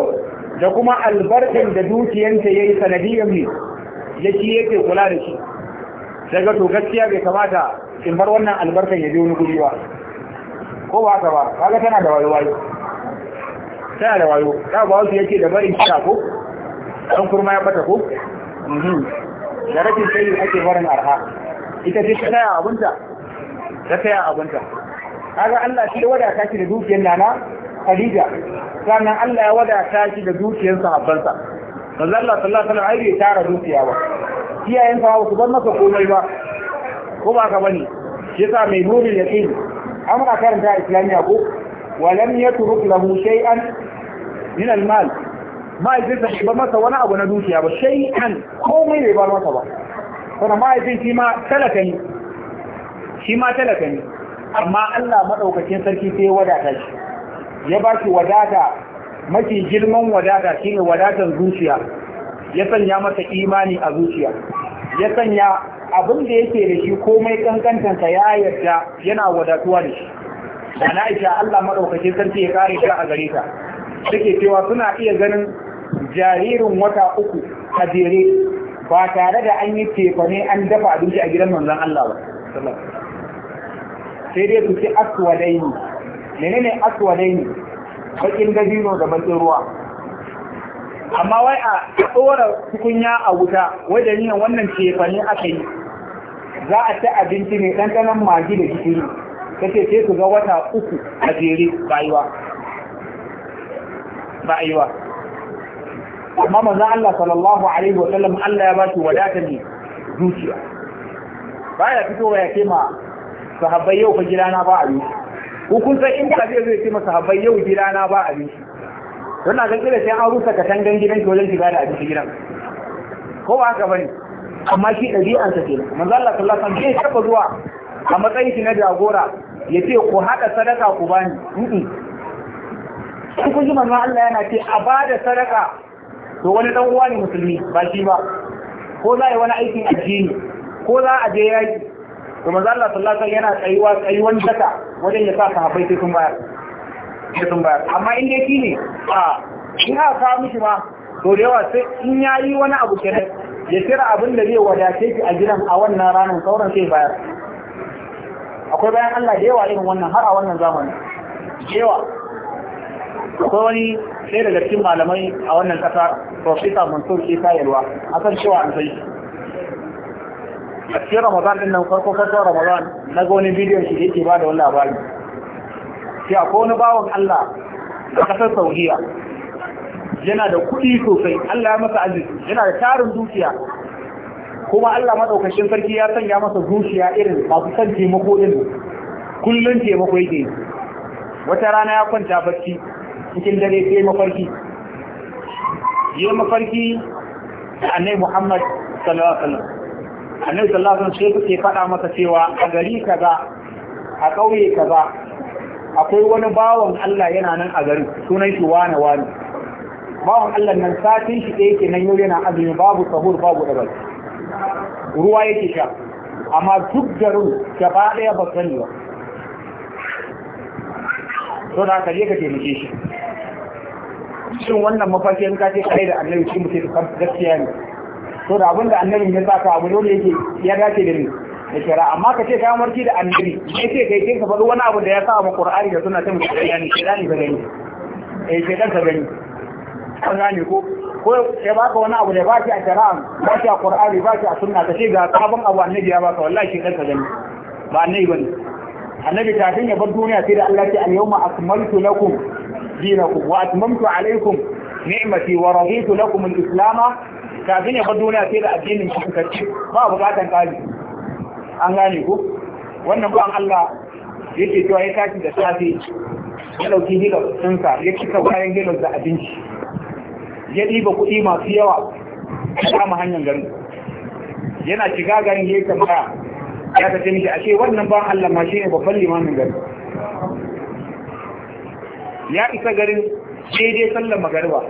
da kuma albarkin da dukiyanta ya yi sanadiyar ne ya ci yake kula da shi daga to gaskiya bai kamata in bar wannan albarkan ya biyo ni guri ba ko ba haka ba kaga tana da wayo wayo tana da wayo ta ba wasu yake da barin shi ko dan kurma ya bata ko Mhm. da rashin sayi ake farin arha ita ce ta taya abunta ta taya abunta kaga Allah shi ya wadata shi da dukiyar nana Khadija sannan Allah ya wadata shi da dukiyar sahabbansa manzo Allah sallallahu alaihi wasallam ai bai tara dukiya ba iyayen sa ba su bar masa komai ba ko ba ka bane shi yasa mai nuri yaqin amma karanta islamiya ko walam yatruk lahu shay'an min al-mal mahaifinsa shi ba masa wani abu na dukiya ba sai an komai bai ba masa ba sannan mahaifin shi ma talaka ne shi ma talaka ne amma Allah maɗaukacin sarki sai wadata shi ya ba shi wadata mafi girman wadata ne wadatan zuciya ya sanya masa imani a zuciya ya sanya abin da yake da shi komai kankantansa ya yarda yana wadatuwa da shi da na isha Allah maɗaukacin sarki ya kare shi a gare ta take cewa suna iya ganin jaririn wata uku a jere ba tare da an yi tefane an dafa abinci a gidan manzan Allah ba sai dai su ci ne, menene ne? bakin dabino da bakin ruwa amma wai a tsora tukunya a wuta wai da niyan wannan tefane aka yi za a ci abinci mai ɗanɗanon magi da jikini, ta ce sai su ga wata uku a jere ba yi ba a yi wa amma manzon Allah sallallahu alaihi wa sallam Allah ya ba shi wadata ne zuciya baya fitowa ya ce ma sahabbai yau fa gida na ba abinci ko kun san inda zai zai ce ma sahabbai yau gida na ba abinci don na gaggila sai an rusa katangan gidan ki wajen shiga da abinci gidan ko ba haka bane amma shi ɗabi'ansa ke nan Allah sallallahu alaihi wasallam bai taba zuwa a matsayin shi na jagora ya ce ku haɗa sadaka ku bani in kun ji manzo Allah yana ce a da sadaka to wani dan uwa ne musulmi ba shi ba ko za a yi wani aikin addini ko za a je yaki to manzo Allah sallallahu alaihi yana tsayuwa tsayuwan daka wajen ya sa sahabbai sai sun bayar sai sun bayar amma in dai kine a in ha ka mishi ma to da yawa sai in yayi wani abu kenan ya tira abin da zai wadace shi a gidan a wannan ranar sauran sai bayar akwai bayan Allah da yawa irin wannan har a wannan zamanin yawa ko wani ɗaya daga cikin malamai a wannan ƙasa profesa mansur isa yalwa akan cewa an sai a cikin ramadan din nan farko kasar ramadan na ga wani bidiyon shi da yake ba da wani labari sai ko wani bawan allah a ƙasar saudiya yana da kuɗi sosai allah ya masa aziz yana da tarin dukiya kuma allah maɗaukacin sarki ya sanya masa zuciya irin masu son taimako ɗin kullum taimako yake wata rana ya kwanta barci cikin dare sai mafarki yi mafarki da annai muhammad sallallahu alaihi annai sallallahu sai kuke faɗa masa cewa a gari kaza a ƙauye kaza akwai wani bawan Allah yana nan a gari, sunan shi wane wane bawan Allah nan satin shi ɗaya ke nan yau yana azumi babu sahur babu ɗabar ruwa yake sha amma duk garin gaba ɗaya ba sani ba to da ka je ka taimake shi shin wannan mafarkin ka ce kare da annabi shi mutum kan gaskiya ne to da abinda annabi ya saka abu dole yake ya dace da ni da shari'a amma ka ce kayan warki da annabi ne ce kai kin ka faɗi wani abu da ya sa mu qur'ani da sunna ta mu shari'a ne shari'a ka gani eh shari'a ka gani kan gane ko ko ya baka wani abu da ba shi a shari'a ba shi a qur'ani ba shi a sunna ka ce ga sabon abu annabi ya baka wallahi shari'a ka gani ba annabi bane annabi kafin ya bar duniya sai da Allah ce al-yawma akmaltu lakum dinakum wa atmamtu alaykum ni'mati wa raditu lakum al-islam kafin ya bar duniya sai da addinin ku kace ba bukatan kali an gane ku wannan ba Allah yake cewa ya tashi da safe ya dauki sun tsinka ya cika bayan hilar da abinci ya ɗiba kuɗi masu yawa ya kama hanyar garin yana shiga garin ya yi tambaya ya ka A ashe wannan ba Allah ma shi ne babban limamin gari ya isa garin daidai sallar magariba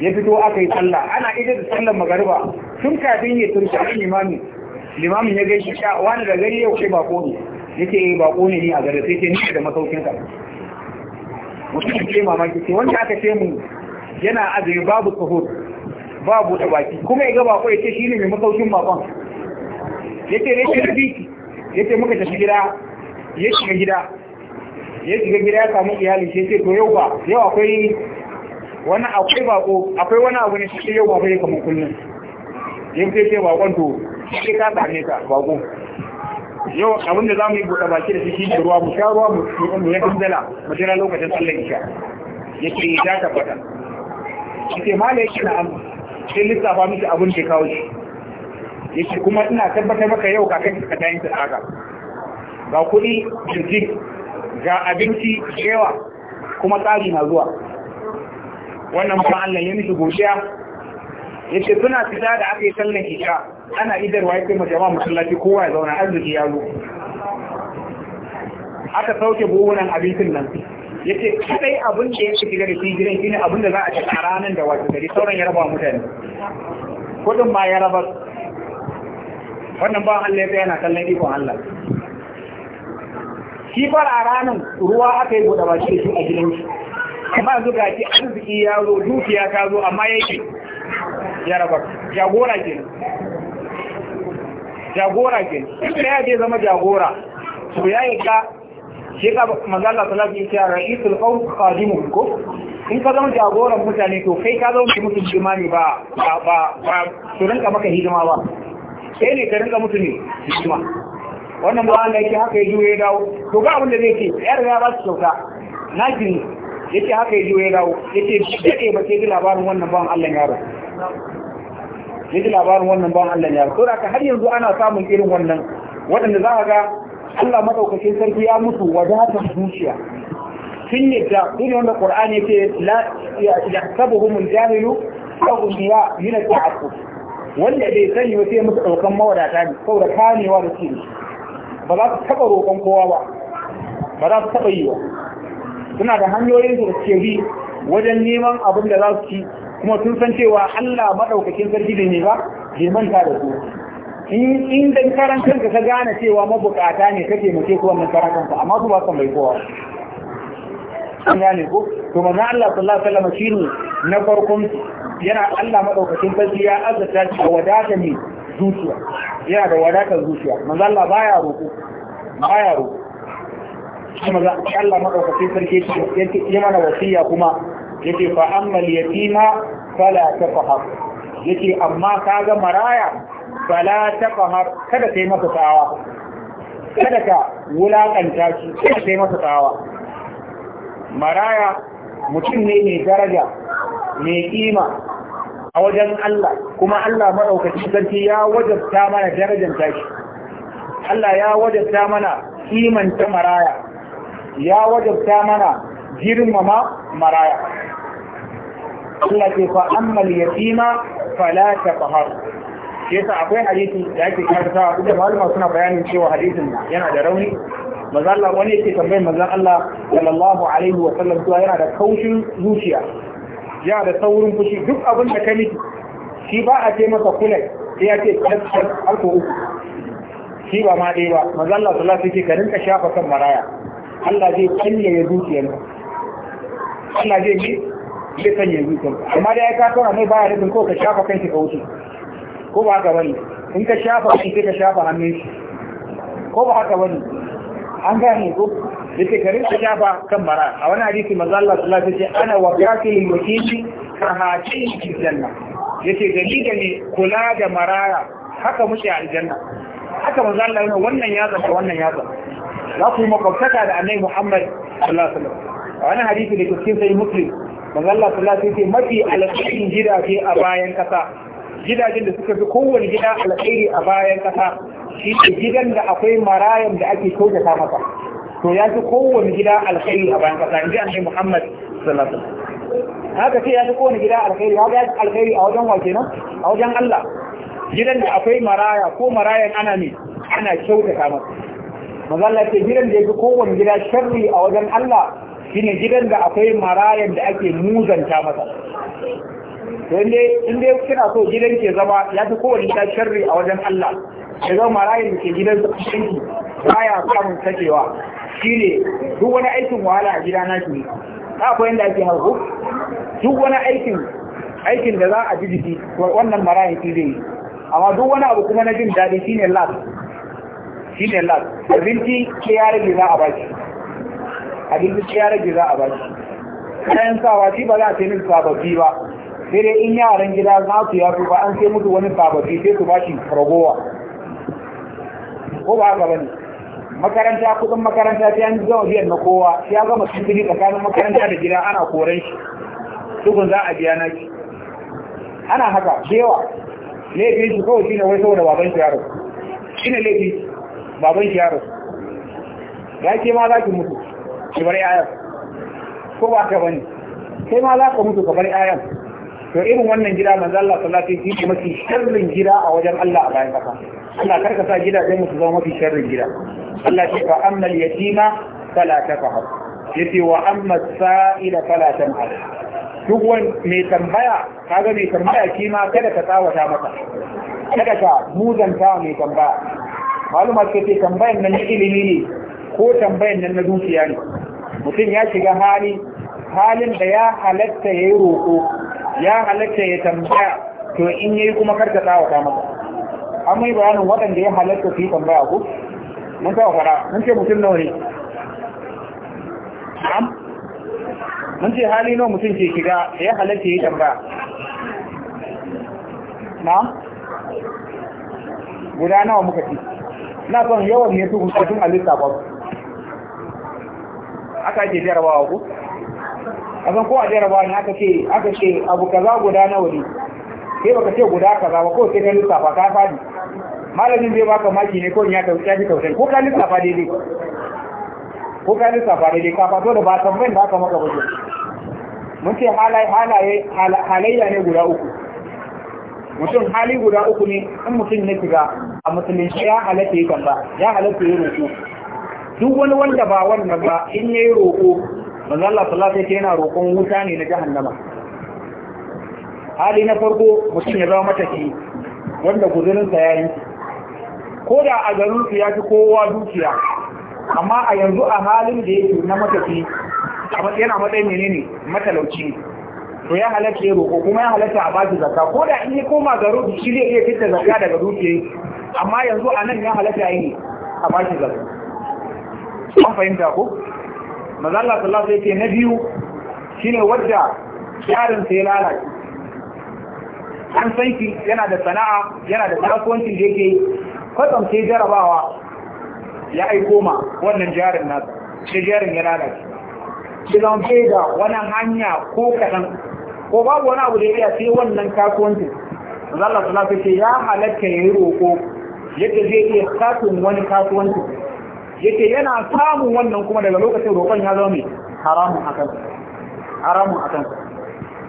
ya fito aka yi sallah ana ita da sallar magariba tun kafin ya turshi an limami limamin ya gaishe sha ah, wani da gari yau sai bako ne yake yi eh, bako ne ni a gari sai ce ni da masaukin ka mutum ce mamaki ce wanda aka ce mu yana azumi babu tsohon babu da baki kuma ya ga bako ya ce shi ne mai masaukin bakon ya ce rashin rabi ya ce muka tafi gida ya shiga gida ya shiga gida ya samu iyali shi ce to yau ba yau akwai wani akwai bako akwai wani abu ne shi yau ba bai kamar kullum yau ce ce bakon to shi ka same ka bako yau abin da za mu yi buɗa baki da shi ne ruwa mu sha ruwa mu ya kanzala mu jira lokacin sallan isha ya ce ya tabbata shi ce mala yake na amma sai lissafa mishi abin da kawo shi yake kuma ina tabbatar maka yau kakan ka ta yin sadaka ga kuɗi jirgin ga abinci yawa kuma tsari na zuwa wannan ba Allah ya mishi godiya yace suna fita da aka yi sallar isha ana idar wa kai ma jama'a masallaci kowa ya zauna arziki ya zo aka sauke buhunan abincin nan yake kadai abin da ya ci gida da shi gidan shine abin da za a ci a ranar da wasu gari sauran ya raba mutane kudin ma ya rabar wannan ba an ya yana kallon ikon Allah shi fara a ranar ruwa aka yi buɗa baki da shi a su, amma yanzu ga ki arziki ya zo dukiya ta zo amma yake ya rabar jagora kenan jagora ke nan, ya je zama jagora su ya yi ka shi ka manzala salafi ya ra'isul qaum qadimu ko in ka zama jagoran mutane to kai ka zama mutum jimani ba ba ba to rinka maka hidima ba sai ne ka rinka mutu ne hikima wannan ba wanda yake haka ya juyo ya dawo to ga abin da zai ce ya riga ba su kyauta na jini yake haka ya juyo ya dawo yake daɗe ba sai ji labarin wannan ban Allah yaro ya ji labarin wannan ban Allah yaro to da har yanzu ana samun irin wannan waɗanda za ka ga Allah madaukakin sarki ya mutu wadatar zuciya sun yadda da ne wanda Qur'ani yake la ya tabuhumul jahilu fa hum ya yunaqatu wanda bai sani wasu ya musu ɗaukan mawadata ne saboda kanewa da suke ba za su taɓa roƙon kowa ba ba za su taɓa yi ba suna da hanyoyin da suke bi wajen neman abin da za su ci kuma sun san cewa Allah maɗaukakin sarki ne ba bai manta da su in dan karan kanka ka gane cewa mabukata ne kake mace ko wannan karan kanka amma su ba san mai kowa an ko to manzo Allah sallallahu alaihi wasallam shine na farkon yana Allah madaukakin sarki ya azzata shi a wadata ne zuciya yana da wadatar zuciya manzo Allah baya roko baya roko shi manzo Allah madaukakin sarki yake yi mana wasiya kuma yake fa amma yatima fala tafahar yake amma kaga maraya fala tafahar kada kai masa tsawa kada ka wulakanta shi kada kai masa tsawa maraya mutum ne mai daraja mai kima a wajen Allah kuma Allah maɗaukaci sarki ya wajabta mana darajar tashi Allah ya wajabta mana kimanta maraya ya wajabta mana girmama maraya Allah ke fa ammal yatima fala taqhar yasa akwai hadisi da ake karanta da malama suna bayanin cewa hadisin yana da rauni maza Allah wani yake tambayar maza Allah sallallahu alaihi wa sallam cewa yana da kaushin zuciya yana da saurin fushi duk abin da ka miki shi ba a ce masa kulai sai ya ce kasar alko uku shi ba ma ɗaya ba maza Allah sallallahu alaihi ka rinka shafa kan maraya Allah zai kanya ya zuciyarka Allah zai yi zai kanya zuciyarka amma dai ya kasara mai baya nufin ko ka shafa kanki ka wuce ko ba haka bane in ka shafa shi ka shafa hannun shi ko ba haka bane an gane ko yace ka ya ba kan mara a wani hadisi manzo Allah sallallahu alaihi wasallam ana wa kafil mutiki ka hatin fil janna yace ce da ne kula da maraya haka muke aljanna haka manzo Allah yana wannan ya zanta wannan ya zanta za ku yi makwabtaka da annabi Muhammad sallallahu alaihi wasallam a wani hadisi da cikin sai muslim manzo Allah sallallahu alaihi wasallam mafi alƙairin gidaje a bayan kasa gidajen da suka fi kowane gida alƙairi a bayan kasa shi ne gidan da akwai marayan da ake kyautata masa to ya fi kowane gida alkhairi a bayan kasa in ji annabi Muhammad sallallahu alaihi wasallam haka ce ya fi kowane gida alkhairi haka ya fi alkhairi a wajen wa kenan a wajen Allah gidan da akwai maraya ko marayan ana ne ana kyautata masa mazalla ce gidan da ya fi kowane gida sharri a wajen Allah shine gidan da akwai marayan da ake muzanta masa wanda inda dai kina so gidan ke zama ya fi kowane ta sharri a wajen Allah ya zama marayin da ke gidan su ba baya samun sakewa shi ne duk wani aikin wahala a gida gidana ne ta akwai yadda ake hauku duk wani aikin aikin da za a ji jiki wannan marayin shi zai yi amma duk wani abu kuma na jin daɗi shi ne lab shi ne lab abinci ke yare rage za a baki abinci ke yare rage za a baki kayan sawa shi ba za a ce min sababbi ba sai dai in yaran gida za su ya ba an sai mutu wani sababi sai su bashi ragowa ko ba haka bane makaranta kudin makaranta sai an gama biyan na kowa sai ya gama sintiri tsakanin makaranta da gida ana koran shi tukun za a biya naki ana haka cewa laifin shi kawai shine wai saboda baban shi yaro shine laifin baban shi yaro ya ke ma za ki mutu ki bar yayan ko ba ka bane sai ma za ka mutu ka bar yayan to irin wannan gida manzo Allah sallallahu alaihi wasallam shi mafi sharrin gida a wajen Allah a bayan kasa Allah karka sa gida mu musu zama mafi sharrin gida Allah ce fa ammal yatima fala tafahar yace wa amma sa'ila fala tanhar duk wani mai tambaya kaga mai tambaya shi ma kada ka tsawata masa kada ka muzanta mai tambaya maluma suka ce tambayan nan na ilimi ne ko tambayan nan na dukiya ne mutum ya shiga hali halin da ya halatta ya yi roƙo ya halatta ya tambaya to in yayi kuma karka tsawa ta masa an mai bayanin waɗanda ya halatta su yi tambaya ku mun tawa fara mun ce mutum nawa ne am mun ce hali nawa mutum ke shiga ya halatta ya yi tambaya na guda nawa muka ci na son yawan ne su kuma tun ba aka ake jarabawa ku a san ko a jarabawa ne aka ce aka ce abu kaza guda na wuri sai baka ce guda kaza ba ko sai ka lissafa ka fadi malamin zai baka maki ne ko ya kauce ya kauce ko ka lissafa daidai ko ka lissafa daidai ka fato da ba tambayin da aka maka ba mun ce halaye halayya ne guda uku mutum hali guda uku ne in mutum na shiga a musulunci ya halatta yi ba ya halatta yi roƙo duk wani wanda ba wannan ba in ya yi roƙo manzo Allah sallallahu yana roƙon wuta ne na jahannama hali na farko mutum ya zama mataki wanda guzurinsa ya yi ko da a garinsu ya fi kowa dukiya amma a yanzu a halin da yake na matafi yana matsayin menene matalauci to ya halatta ya roƙo kuma ya halatta a baki zakka ko da in yi koma garo shi zai iya fitta zakka daga dukiya, amma yanzu a nan ya halatta yi a baki zakka an fahimta ko Mazalla Allah sallallahu alaihi wasallam na biyu shine wadda yarin sai lalace an san shi yana da sana'a yana da kasuwancin da yake kwatsam sai jarabawa ya aiko ma wannan jarin na sai jarin ya lalace shi zama bai da wani hanya ko kaɗan ko babu wani abu da ya sai wannan kasuwancin Mazalla sallallahu alaihi wasallam ya halatta ya yi roƙo yadda zai iya kasun wani kasuwancin yake yana samun wannan kuma daga lokacin roƙon ya zama mai haramun a kansa haramun a kansa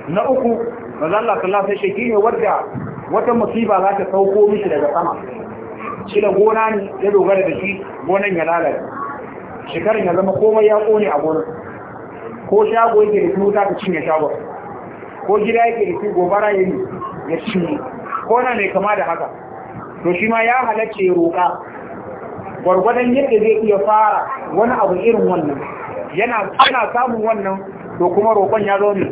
na uku mazalla sallah sai shi ne wadda wata musiba za ta sauko mishi daga sama shi da gona ne ya dogara da shi gonan ya lalace shekarun ya zama komai ya kone a gonar ko shago yake da tuta ta cinye shagon ko gida yake da gobara yi ya cinye ko na mai kama da haka to shi ma ya halacce roƙa gwargwadon yadda zai iya fara wani abu irin wannan yana samun wannan to kuma roƙon ya zo ne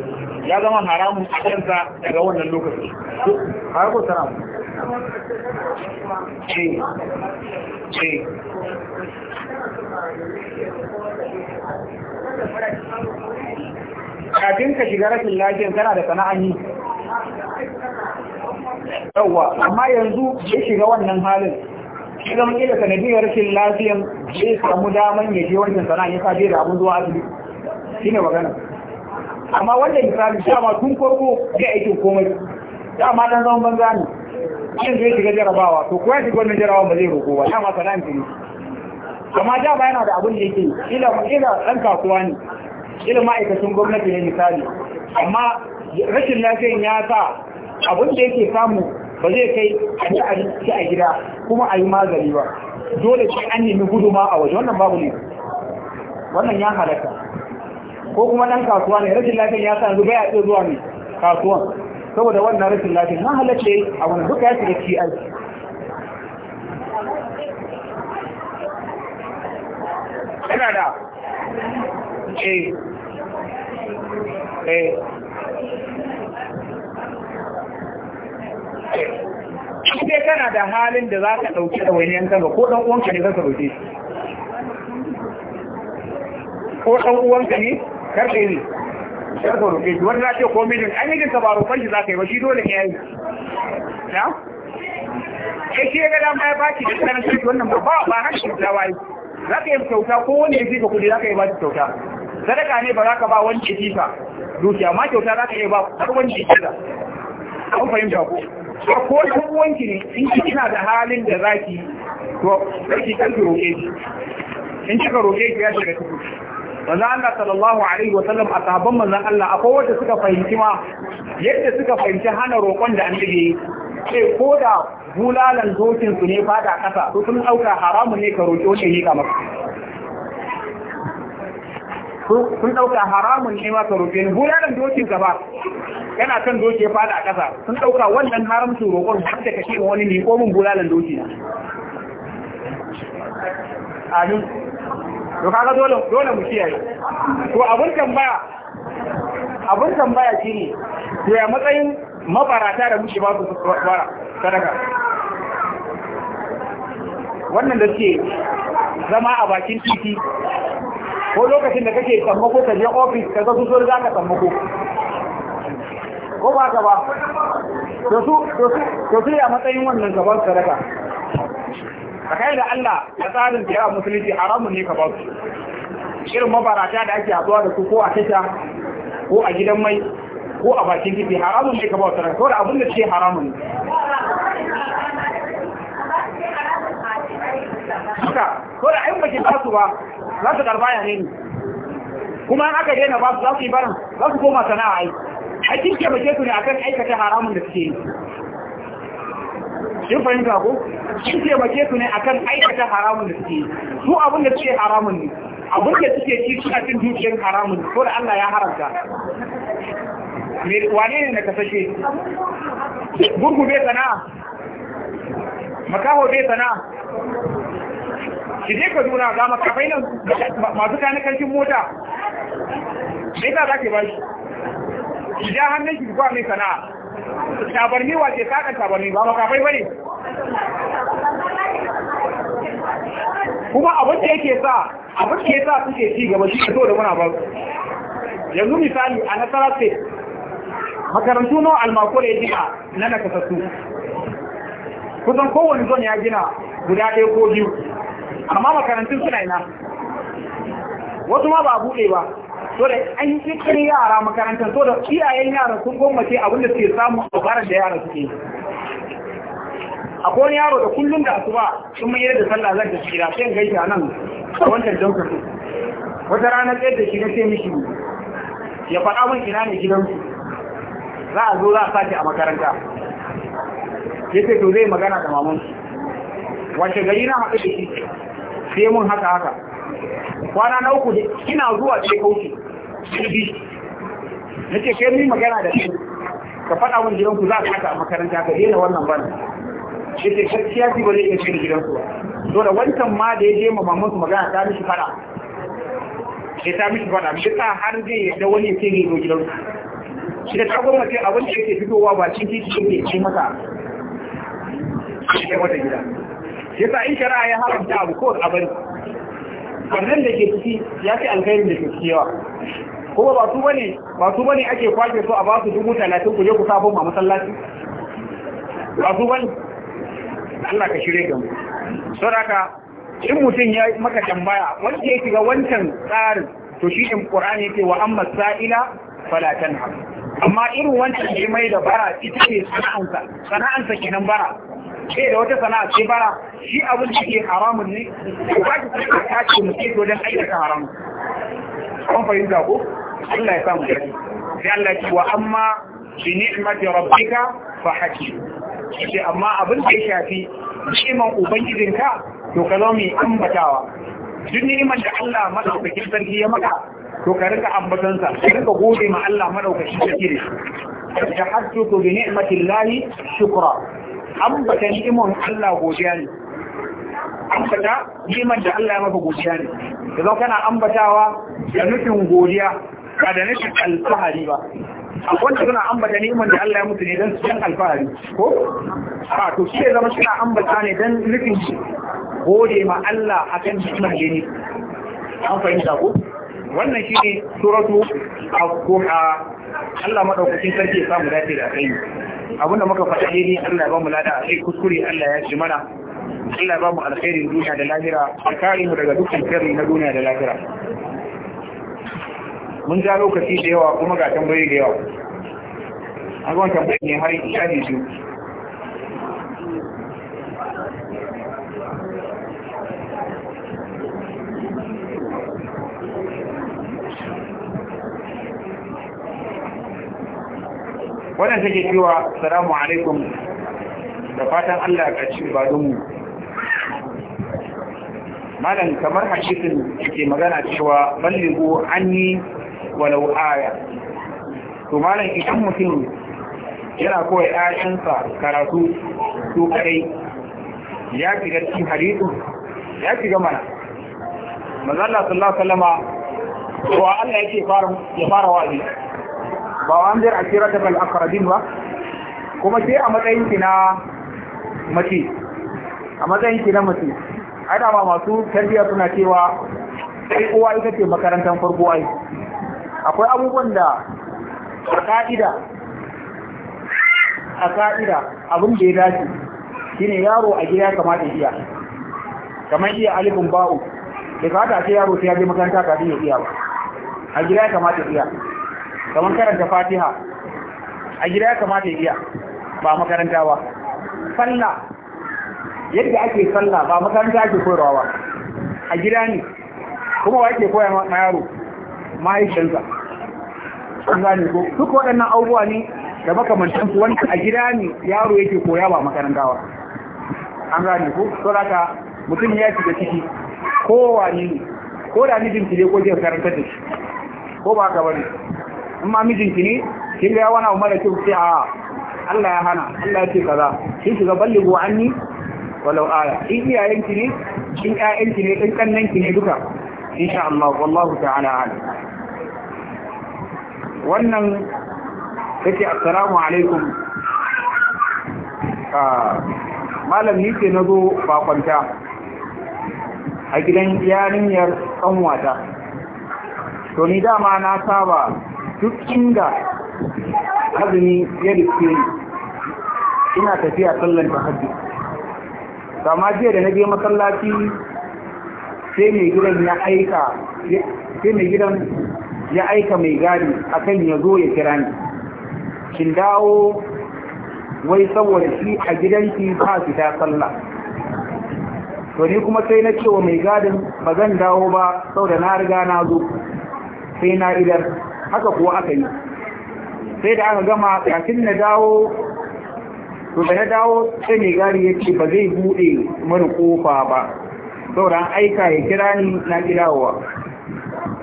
ya zama haramun a kansa daga wannan lokaci har ko ce ce kafin ka shiga rashin lafiyan tana da sana'an yi Yauwa amma yanzu ya shiga wannan halin shi zama kila sanadiyar rashin lafiyan zai samu daman ya je wancan sana ya saje da abun zuwa asibiti shi ne magana amma wanda misali dama tun farko ga aikin komai ma dan zaman banza ne yin zai shiga jarabawa to ko ya shiga wannan jarabawa ba zai roƙo ba dama sana'an ne amma ba yana da abun da yake kila ila dan kasuwa ne ila ma'aikacin gwamnati ne misali amma rashin lafiyan ya sa abun da yake samu ba zai kai a ci a gida kuma a yi magani ba dole sai an nemi guduma a waje wannan babu ne wannan ya halatta ko kuma dan kasuwa ne rashin lafiyan ya sa yanzu ya iya zuwa ne kasuwan saboda wannan rashin lafiyan na halatta a wani duka ya shiga ci aiki yana da eh eh shi dai kana da halin da za ka ɗauki da wani yankan ko ɗan uwanka ne za ka ɗauke shi ko ɗan uwanka ne karfe ne karfe roƙe shi wani lafiya ko mijin an mijin ka za ka yi ba shi dole ne ya yi na? ke shi ga dama ya baki da tsanan shi wannan ba ba na shi ta wayi za ka yi kyauta ko wani ya fi ka kudi za ka yi ba shi kyauta sadaka ne ba za ka ba wani ya fi ka dukiya ma kyauta za ka yi ba har wani ya fi ka an fahimta ko a ko ta uwanki ne in ki kina da halin da zaki to sai kan ki roƙe in kika roƙe ki ya shiga ciki manzo Allah sallallahu alaihi wa sallam a sahabban manzon Allah akwai wanda suka fahimci ma yadda suka fahimci hana roƙon da annabi sai ko da bulalan dokin su ne fada kasa to sun dauka haramun ne ka roƙi wanda ne ka maka sun ɗauka haramun ne ma ka rufe ni bulalan dokin ka ba? yana kan doke ya fada a ƙasa sun ɗauka wannan haramcin roƙon har da kashe wani ne ko mun bulalan doki na amin to kaga dole dole mu kiyaye to abun tambaya abun tambaya shine to ya matsayin mabarata da muke ba su tsara sadaka wannan da suke zama a bakin titi ko lokacin da kake tsammako ka je ofis ka ga su so za ka tsammako ko ba ka ba to su to su ya matsayin wannan gaban sadaka a kai da Allah ya tsarin da yawa musulunci haramun ne ka ba su irin mabarata da ake haɗuwa da su ko a kisa ko a gidan mai ko a bakin kifi, haramun ne ka ba su sadaka da abin da ce haramun ne suka ko da ayyuka ke basu ba za su karba ya ne kuma an aka daina ba su za su yi barin za su koma sana'a aiki hakin kin taimake su ne akan aikata haramun da suke yi kin fahimta ko kin taimake su ne akan aikata haramun da suke yi su abin da suke haramun ne abin da suke ci suna cin dukiyar haramun ko da Allah ya haramta wane ne na kasashe gurgu bai sana, makaho bai sana. ki je ka duna ga makafai nan masu kane cin mota me yasa zaki ba shi idan hannun shi kuwa mai sana'a tabarni wace sakan tabarni ba makafai bane kuma abin da yake sa abin da ya sa suke ci gaba shi so da muna ba yanzu misali a nasarar state makarantu nawa almakon ya gina na nakasassu kusan kowane zon ya gina guda ɗaya ko biyu amma makarantun suna ina wasu ma ba a buɗe ba so da an kiri yara makaranta so da iyayen yara sun gwammace abin da suke samu a barar da yara suke akwai wani yaro da kullum da asuba sun mai da sallah zan da shira sai gaishe a nan a wancan su wata rana tsaye da shi na sai mishi ya faɗa min ina ne gidansu za a zo za a sace a makaranta ya ce to zai magana da mamansu wace gari na haɗu da shi sai mun haka haka kwana na uku ina zuwa ce kauce jirgi na ce kai magana da shi ka faɗa wani gidanku za ka haka a makaranta ka daina wannan ban shi ce gaskiya shi ba zai iya ce da gidansu ba to da wancan ma da ya je ma mamansu magana ta mishi faɗa sai ta mishi faɗa shi ta har zai yadda wani ya ce ne zai gidansu shi da ta gwamnati abin da yake fitowa ba cikin kiki yake ce masa shi wata gida in shari'a ya haramta abu ko a bari da ke ciki ya fi alkhairin da ke ciki yawa kuma ba su bane ba su bane ake kwace su a ba su dubu talatin ku je ku sabon ma masallaci ba su bane Allah ka shirye da mu saboda in mutum ya maka tambaya wanda ya shiga wancan tsarin to shi in Qur'ani yake wa amma sa'ila fala tanha amma irin wancan da mai da bara ita ce sana'ansa sana'ansa kenan bara ke da wata sana'a ce bara shi abin da ke haramun ne ba ki ta ce mu ce to dan aikata haramun kun fahimta ko Allah ya samu dace sai Allah ya ce wa amma bi ni'mati rabbika fa hakim sai amma abin da ya shafi ni'imar ubangijinka to ka zo mai ambatawa duk neman da Allah madaukakin sarki ya maka to ka rika ambatansa ka rika gode ma Allah madaukakin sarki da shi tahaddathu bi ni'matillahi shukra ambata ni'imar Allah godiya ne ambata ni'imar da Allah ya maka godiya ne yanzu kana ambatawa da nufin godiya ba da nufin alfahari ba wanda suna ambata ni'imar da Allah ya mutu ne don su alfahari ko a to shi ya zama suna ambata ne don nufin shi gode ma Allah a kan ni'imar da an fahimta ko wannan shi ne suratu a koha Allah maɗaukakin sarki ya samu dace da kai abinda muka faɗa ne Allah ya ba mu lada a kai kuskure Allah ya shi mana Allah ya ba mu alkhairin duniya da lahira a kare mu daga dukkan sirri na duniya da lahira mun ja lokaci da yawa kuma ga tambayi da yawa an gwan tambayi ne har shafi su wannan take cewa salamu alaikum da fatan Allah ya kaci mu malam kamar hadisin ke magana cewa ballighu anni walau aya to malam idan mutum yana kowa 'ya'yansa karatu su kadai ya shiga cikin hadithu ya shiga mana manzo Allah sallallahu alaihi Wa Allah yake fara ya fara wa'azi ba wa anzir ashirata bal aqrabin ba kuma sai a matsayin ki na mace a matsayin ki na mace ai da masu tarbiyya suna cewa sai uwa ita ce makarantar farko ai akwai abubuwan da ƙa'ida a ƙa'ida abin da ya dace shine yaro a gida kamata iya kamar iya alifin ba'u da kamata ce yaro sai ya je makaranta kafin ya iya ba a gida ya kamata iya kamar karanta fatiha a gida ya kamata iya ba makaranta ba sallah yadda ake sallah ba makaranta ake koyarwa ba a gida ne kuma wa ake koya ma yaro mahaifiyarsa an gane ko duk waɗannan abubuwa ne da su wanda a gida ne yaro yake koya ba makarin gawa an gane ko so ka mutum ya shiga ciki kowa ne ko da mijinki ne ko zai karantar da shi ko ba ka bari in ma mijinki ne kin ga wani abu mara kyau sai a Allah ya hana Allah ya ce kaza kin shiga ballighu anni walau aya in iyayenki ne in ƴaƴanki ne in kannanki ne duka insha Allah wallahu ta'ala alim wannan take assalamu alaikum ah, malam ni ce na zo bakwanta a gidan yarinyar kanwata to ni dama na saba duk inda azumi ya rike ina tafiya sallan tahajjud amma jiya da na je masallaci sai mai gidan ya aika sai mai gidan ya aika mai gadi akan ya zo ya kira ni kin dawo wai saboda shi a gidanki ba fita salla to ni kuma sai na cewa mai gadin ba zan dawo ba saboda na riga na zo sai na idar haka kuwa aka yi sai da aka gama kafin na dawo to da na dawo sai mai gadi ya ce ba zai bude mani kofa ba saboda aika ya kira ni na kidawa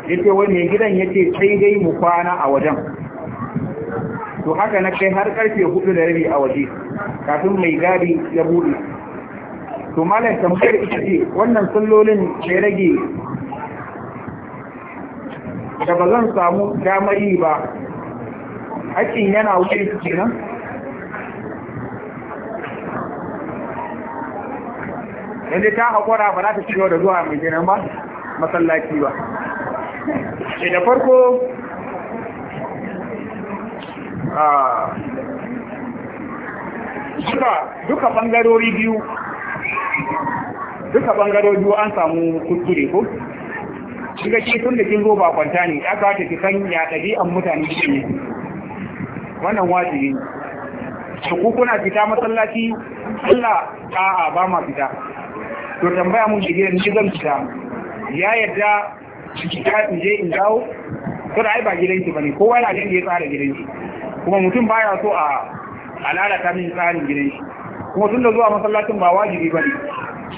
yake wai mai gidan yake sai dai mu kwana a wajen to haka na kai har karfe hudu da rabi a waje kafin mai gadi ya bude to malam tambayar ita ce wannan sallolin da rage da ba zan samu damar yi ba hakin yana wuce su kenan yanzu ta haƙura ba za ta cigaba da zuwa mai kenan ba masallaci ba ce da farko duka bangarori biyu duka bangarori biyu an samu kuskure ko shiga ke tun da kin zo ba kwanta ne ya kawata ki san ya ɗabi'an mutane shi ne wannan wajibi ne da ku kuna fita masallaci Allah a'a ba ma fita to tambaya mun shige ni zan fita ya yadda ka in je in dawo ko da ai ba gidanki bane kowa yana jin da ya tsara gidanki kuma mutum baya so a ta min tsarin gidanki kuma tun da zuwa masallacin ba wajibi bane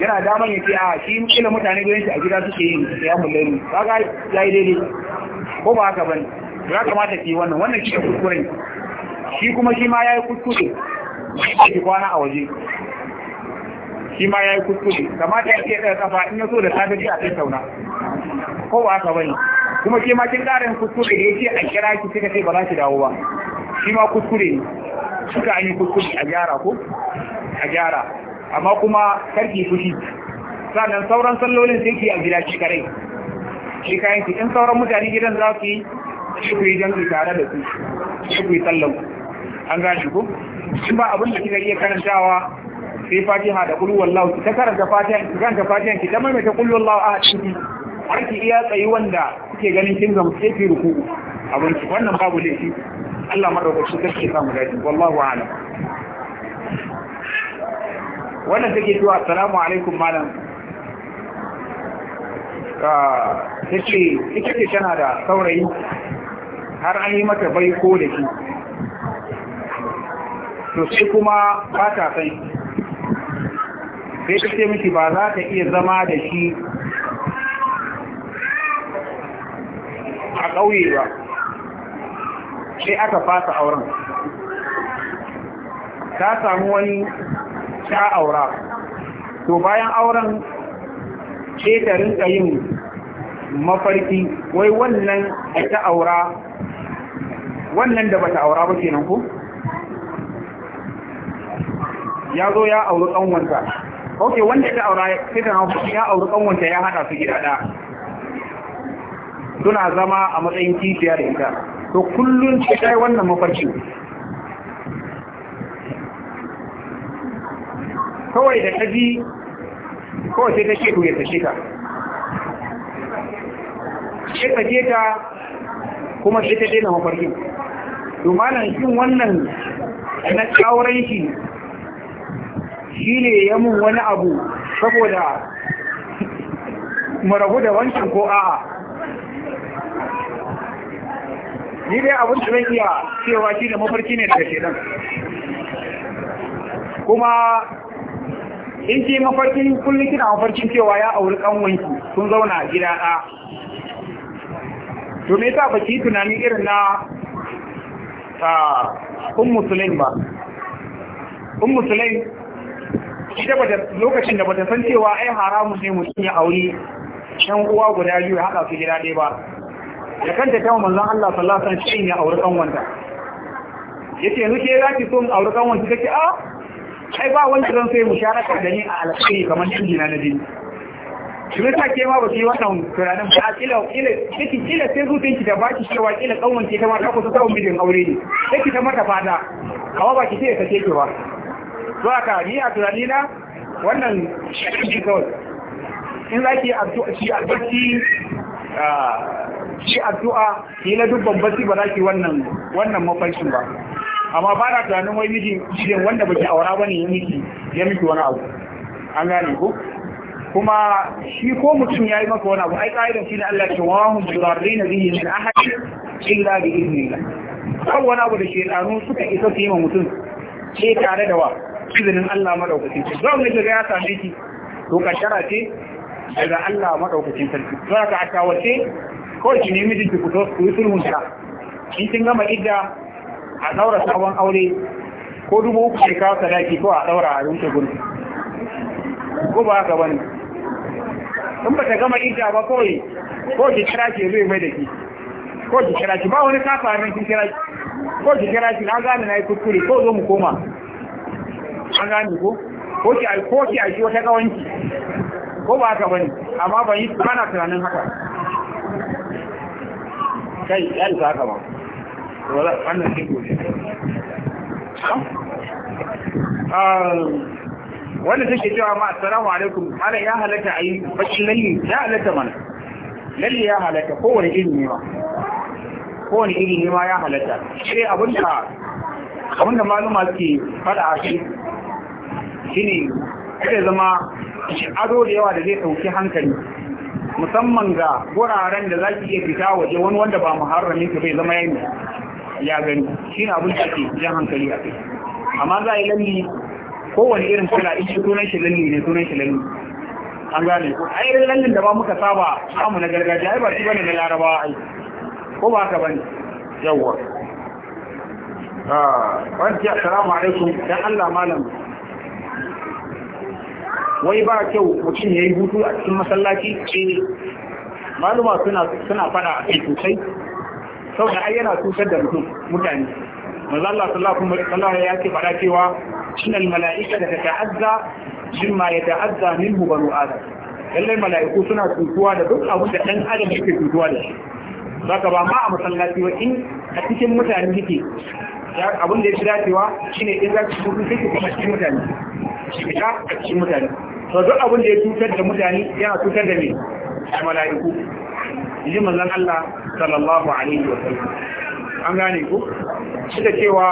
yana damar ya ce a shi kila mutane gidanki a gida suke yin ya qiyamul ba ga yayi daidai ko ba haka bane ya kamata ki wannan wannan shi kuskuren shi kuma shi ma yayi kuskure shi kwana a waje shi ma yayi kuskure kamata ya ce kafa in ya so da safe a tattauna ko ba ka bane kuma ke ma kin karin kuskure da yake a kira ki kika ce ba za ki dawo ba shi ma kuskure ne suka an yi kuskure a gyara ko a gyara amma kuma karki fushi sannan sauran sallolin sai ki a gida ki kare shi kayan ki in sauran mutane gidan za ki shi ku yi jam'i tare da su shi ku yi sallan an gane ku shi ba abin da kika iya karantawa sai fatiha da kulwallahu ki ta karanta fatiha ki karanta fatiha ki ta maimaita kullu wallahu ahad har ki iya tsayi wanda kuke ganin kin zama sai ki ruku abin ki wannan babu laifi Allah shi kake samu daɗi wallahu a'lam wannan take cewa assalamu alaikum malam ka ah, take take ce tana da saurayi har an yi mata bai ko da shi to sai kuma ba ta sai sai ta ce miki ba za ta iya zama da shi a ƙauye ba sai aka fasa auren ta samu wani ta aura to bayan auren ce ta rinka yin mafarki wai wannan da ta aura wannan da bata aura ba kenan ku ya zo ya auri ƙanwanta ok wanda ta aura sai ta ya auri ƙanwanta ya haɗa su gida ɗaya suna zama a matsayin kishiya da ita to kullum ce kai wannan mafarki kawai da kaji kawai sai ta ke to ta shika ka ta ke ta kuma sai ta daina mafarkin to malam wannan na tsauran shi shine ya mun wani abu saboda marabu da wancan ko a'a ni dai abin da zan iya cewa shi da mafarki ne daga shedan kuma in ji mafarkin kullum kina mafarkin cewa ya auri kanwanki sun zauna gida ɗa to me ta baki tunani irin na ta ummu sulaim ba ummu sulaim ita bata lokacin da bata san cewa ai haramun ne mutum ya auri shan uwa guda biyu ya haɗa su gida ɗaya ba da kanta ta manzon Allah sallallahu alaihi wasallam ya aure kan wanda yace yanzu ke zaki so mu aure kan ah, wanda kake a kai ba wani ran sai musharaka da ni a alƙairi kamar gina na jini shi ne sake ma ba su yi wannan turanin ba a kila kila kiki kila sai zuciyarki da baki cewa kila kan ke ta ma ta kusa samun mijin aure ne kike ta mata fata kawa ba ki sai ta ce ki ba to aka ni a tunani na wannan shi kawai in zaki addu'a shi albarki shi addu'a ki na duk babban ba za ki wannan wannan mafarkin ba amma ba na tunanin wai miji shirin wanda baki aura bane ya miki ya miki wani abu an gane ku. kuma shi ko mutum ya yi maka wani abu ai ƙa'idan shi ne Allah ce wa hum zarrina bihi min ahad illa bi idnillah kar wani abu da shaytanu suka isa su yi ma mutum ce tare da wa izinin Allah madaukakin zan ne ga ya same ki to kashara ce daga Allah maɗaukacin sarki za ka a shawarce kawai ki nemi jinki ku ku yi sulhun ta in kin gama idda a ɗaura sabon aure ko dubu uku ke kawo sadaki ko a ɗaura a rushe gudu ko ba haka bane in ba ta gama idda ba kawai ko ki kira ki zai mai da ki ko ki kira ki ba wani kafa nan kin kira ki ko ki kira ki na gane na yi kuskure ko zo mu koma an gane ko ko ki ko ki aiki wata kawanki ko ba ka bane amma ban yi bana tunanin haka kai yan ta haka ba wala wannan shi ko ah, wanda take cewa ma assalamu alaikum ala ya halaka ayi bakin lalle ya halaka mana lalle ya ko wani iri ne ma wani iri ne ma ya abun sai abun da maluma suke fada a shi shine kada zama ado da yawa da zai ɗauki hankali musamman ga wuraren da za ki iya fita waje wani wanda ba muharrami ka bai zama yayi ya gani shi na abin da ake jan hankali a kai amma za a yi lalli kowane irin kula in shi sunan shi lalli ne sunan shi lalli an gane ko a irin lallin da ba muka saba samu na gargajiya ai ba shi bane na laraba ai ko ba haka bane yawwa ah wani assalamu alaikum dan Allah malam wai ba kyau mutum ya yi hutu a cikin masallaci ce eh. maluma suna suna fada a kai sosai sau da yana tutar da mutum mutane maza Allah sallallahu alaihi wasallam ya ce fada cewa shinal mala'ika da ta'azza mimma yata'azza minhu banu adam lallai mala'iku suna tutuwa da duk abin da dan adam yake tutuwa da shi zaka ba ma a masallaci wa in a cikin mutane yake abin da ya fi dacewa shine in za sai kuma cikin mutane shi fita a cikin mutane to duk abin da ya cutar da mutane yana cutar da me da mala'iku ji manzon Allah sallallahu alaihi wa sallam an gane ku shi da cewa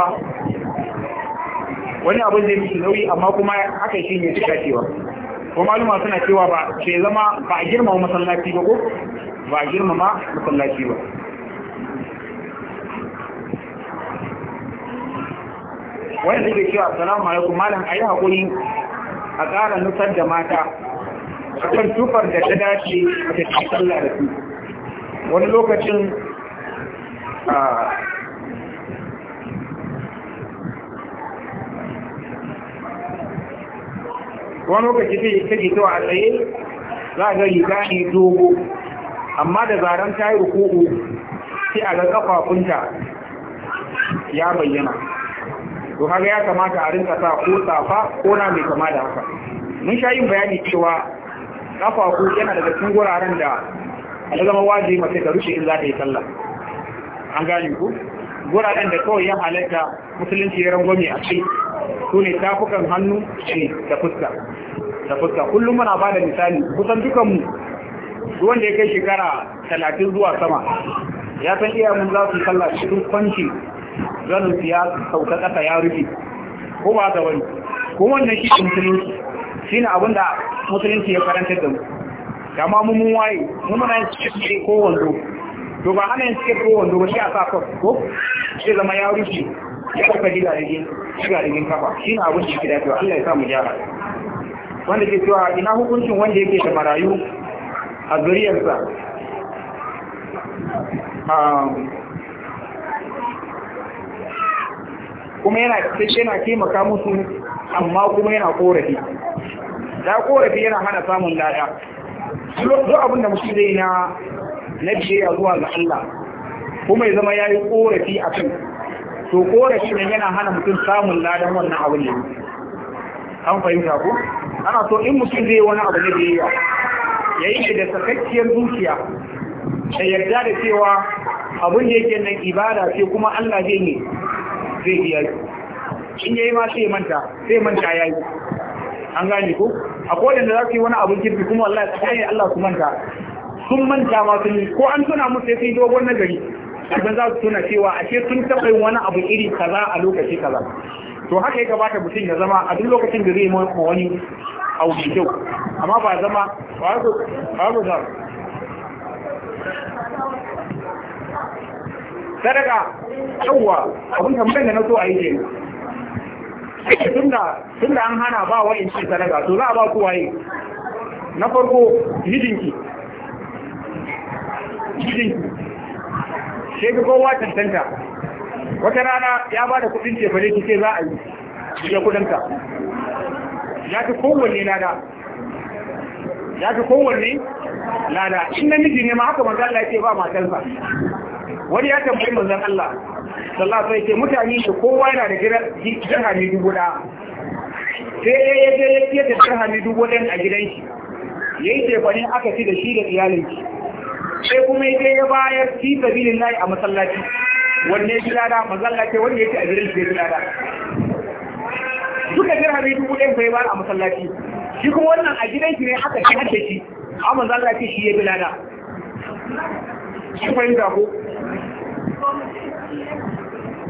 wani abin da yake nauyi amma kuma haka shi ne cika cewa ko maluma suna cewa ba ke zama ba a girmama masallaci ba ko ba a girmama masallaci ba zai suke cewa salamu alaikum malam yi haƙuri a ƙara nufar da mata a kan tufar da ta dace ta ce sallah da su wani lokacin wani lokaci ta ke cewa a tsaye za a ga riga ne dogo amma da zaren ta yi rukuku sai a ga kafafunta ya bayyana to haka ya kamata a rinka sa ko safa ko na mai kama da haka mun sha yin bayani cewa kafafu yana daga cikin guraren da alagama zama mace ka rushe in za ta yi sallah an gani ku guraren da kawai ya halatta musulunci ya rangwame a ce su ne tafukan hannu ce da fuska da fuska kullum muna ba da misali kusan dukanmu duk wanda ya kai shekara talatin zuwa sama ya san iya mun za su sallah cikin kwanci Zanu su ya sauka kasa ya rufe ko ba da wani ko wannan shi musulunci shi ne abinda musulunci ya karantar da mu amma mun mun waye mun muna yin cikin ko wando to ba hana yin cikin ko wando ba shi a sa ko shi zama ya rufe ya kafa gidajen rigin kafa shi ne abin da yake cewa Allah ya sa mu gyara wanda ke cewa ina hukuncin wanda yake da marayu a zuriyarsa um, kuma yana yana taimaka musu amma kuma yana korafi da korafi yana hana samun lada duk abin da mutum zai na na biyayya zuwa ga Allah kuma ya zama ya yi korafi a kan to korafi ne yana hana mutum samun ladan wannan abin ne an fahimta ko ana so in mutum zai wani abu na biyayya ya yi da sakakkiyar zuciya da yarda da cewa abin da yake nan ibada ce kuma Allah zai ne zai yi shi in yayi ma sai manta sai manta yayi an gane ko akwai wanda za su yi wani abin kirki kuma wallahi tsakani Allah su manta sun manta ma sun yi ko an tuna musu sai sun dogon nagari sannan za su tuna cewa ashe sun taɓa yin wani abu iri kaza a lokaci kaza to haka ya gabata mutum ya zama a duk lokacin da zai ma wani abu kyau amma ba zama ba za sadaka yawwa abin tambayar da na so a yi ke. tunda tunda an hana ba in ce sadaka to za a ba ku waye na farko jijinki. mijinki sai ga kowa tantanta wata rana ya ba da kudin ce fare kike za a yi ya kudinka ya fi kowanne lada ya fi kowanne lada inda namiji ne ma haka manzo Allah ya ce ba matarsa wani ya tambayi manzon Allah sallallahu alaihi wasallam mutane ne kowa yana da dirhami dubu da sai ya je ya fiye da dirhami dubu ɗan a gidan shi ya yayi tefani aka fi da shi da iyalin shi sai kuma ya je ya bayar fi layi a masallaci wanne ya lada masallaci wanda ya ci a gidan shi ya lada duka dirhami dubu ɗan bai bayar a masallaci shi kuma wannan a gidan shi ne aka fi da shi a masallaci shi ya bi lada shi fahimta ko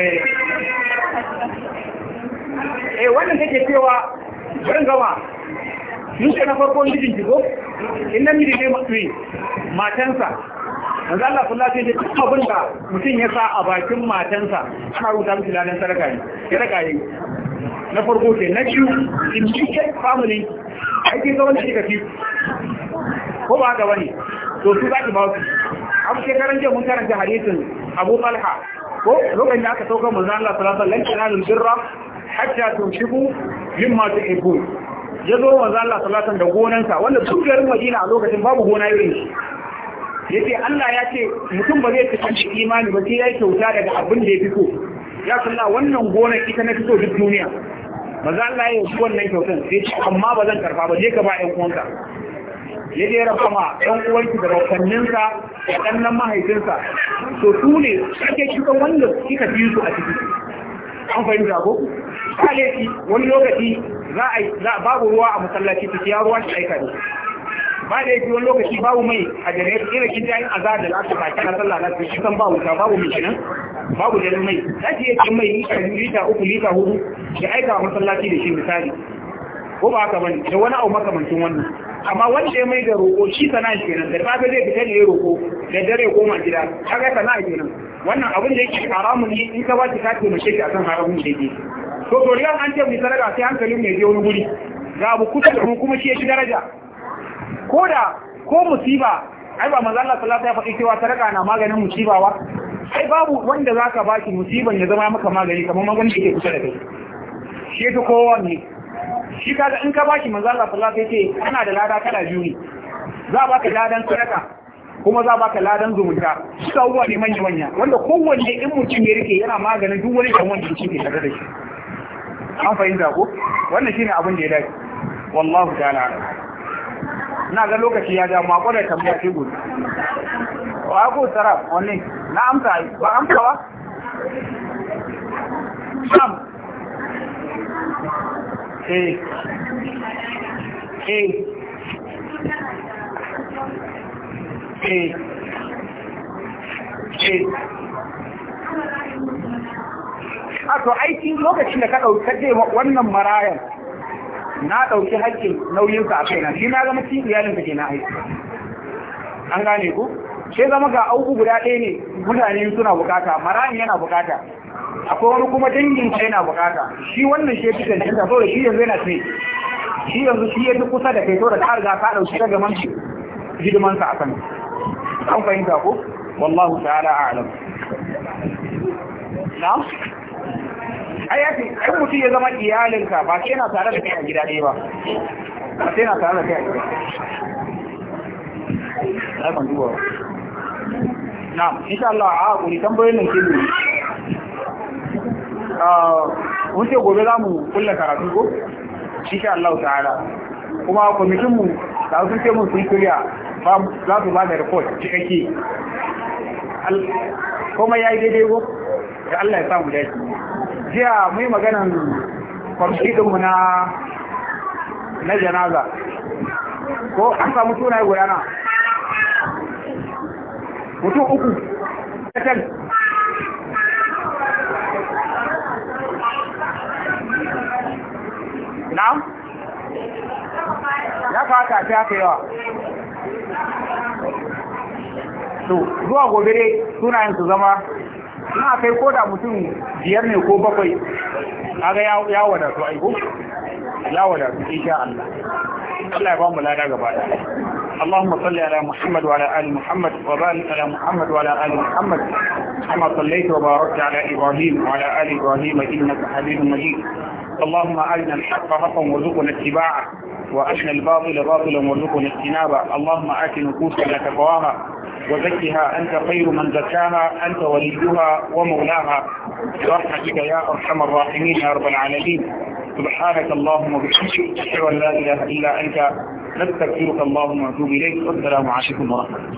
eh wannan take cewa bari gama ce na farko mijin jigo, ko in namiji ne mutuwi matansa yanzu Allah kula ce ce duk abin da mutum ya sa a bakin matansa ana rubuta miki ladan sadaka ne ya raka yi na farko ke na biyu in ke family aiki ga wanda kika fi ko ba haka bane to su za ki ba su abu shekaran jiya mun karanta hadisin Abu Talha ko lokacin da aka sauka manzo Allah sallallahu alaihi wasallam lan birra hatta tushibu mimma tuhibun yazo Ya Allah sallallahu alaihi wasallam da gonansa wanda duk garin Madina a lokacin babu gona irin shi yace Allah ya ce mutum ba zai tafi imani ba sai ya kyauta daga abin da ya fito ya kalla wannan gona ita na fito duk duniya manzo Allah ya yi wannan kyautan sai amma ba zan karfa ba je ka ba ɗan uwanka ya je rafa ma ɗan uwanki da bakwanninsa da ɗannan mahaifinsa to su ne ake cikin wanda kika fi su a ciki an fahimta ko kalefi wani lokaci za a babu ruwa a masallaci su ya ruwa shi aika ne ba da yake wani lokaci babu mai a janayi ina kin jayin azar da lafi ba kana sallah na su kan babu ta babu mai kenan babu da mai zaki yake mai lita lita uku lita hudu ya aika wa masallaci da shi misali ko ba haka bane da wani abu makamancin wannan amma wanda ya mai da roƙo shi sana'a kenan da safe zai fita ne ya roƙo da dare koma gida kaga sana'a kenan wannan abin da yake haramun ne in ka ba ki ka taimake shi akan haramun da yake to to riyan an ce mai sadaka sai hankalin mai je wani guri ga abu kusa da kuma shi ya ci daraja ko da ko musiba ai ba manzo Allah sallallahu alaihi ya faɗi cewa sadaka na maganin musiba wa ai babu wanda zaka baki musiban ya zama maka magani kamar maganin da yake kusa da kai shi to kowa ne shi kaga in ka bashi manzo Allah sallallahu alaihi wasallam kana da lada kana juri za baka ladan sadaka kuma za baka ladan zumunta ka uwa ne manya manya wanda kowanne in mutum ya rike yana maganin duk wani da wanda yake tare da shi an fahimta ko wannan shine abin da ya dace wallahu ta'ala na ga lokaci ya ja mako da tambaya ce gobe wa ko tsara wannan na amsa ba amsa ba sam eh eh eh eh a ah, to aiki lokacin da ka ɗauki wannan marayan na ɗauki nauyin ka a kaina shi na zama cikin iyalinka ke na aiki an gane ku sai zama ga auku guda ɗaya ne mutane suna bukata marayan yana bukata akwai wani kuma dangin ka yana bukata shi wannan shi fi da ta saboda shi yanzu yana sai shi yanzu shi fi kusa da kai da ta riga ta dauki daga manci hidiman sa akan an fahimta ko wallahu ta'ala a'lam na ai yafi ai mutum ya zama iyalinka ba sai yana tare da kai a gida ɗaya ba ba sai yana tare da kai a gida ɗaya ba na insha Allah a hakuri tambayoyin nan ke Ah, mun ce gobe za mu kulla karatu ko ke Allah ta'ala kuma kwamitinmu mu da sun ce mun sun kuriya za su ba da report cikakke kuma ya yi daidai ko da Allah ya samu dace jiya mai maganan kwamitinmu na na janaza ko an samu sunaye guda na mutum uku na'am ya fata ta haka yawa to zuwa gobe dai sunayen su zama na kai ko da mutum biyar ne ko bakwai aga ya wadatu aiko ya wadatu insha Allah Allah ya ba mu lada gaba ɗaya اللهم صل على محمد وعلى آل محمد وبارك على محمد وعلى آل محمد كما صليت وباركت على إبراهيم وعلى آل إبراهيم إنك حميد مجيد اللهم أرنا الحق حقا وارزقنا اتباعه وأرنا الباطل باطلا وارزقنا اجتنابه اللهم آت نفوسنا تقواها وزكها أنت خير من زكاها أنت وليها ومولاها برحمتك يا أرحم الراحمين يا رب العالمين سبحانك اللهم وبحمدك أشهد أن لا إله إلا أنت نستغفرك اللهم ونتوب اليك والسلام عليكم ورحمه الله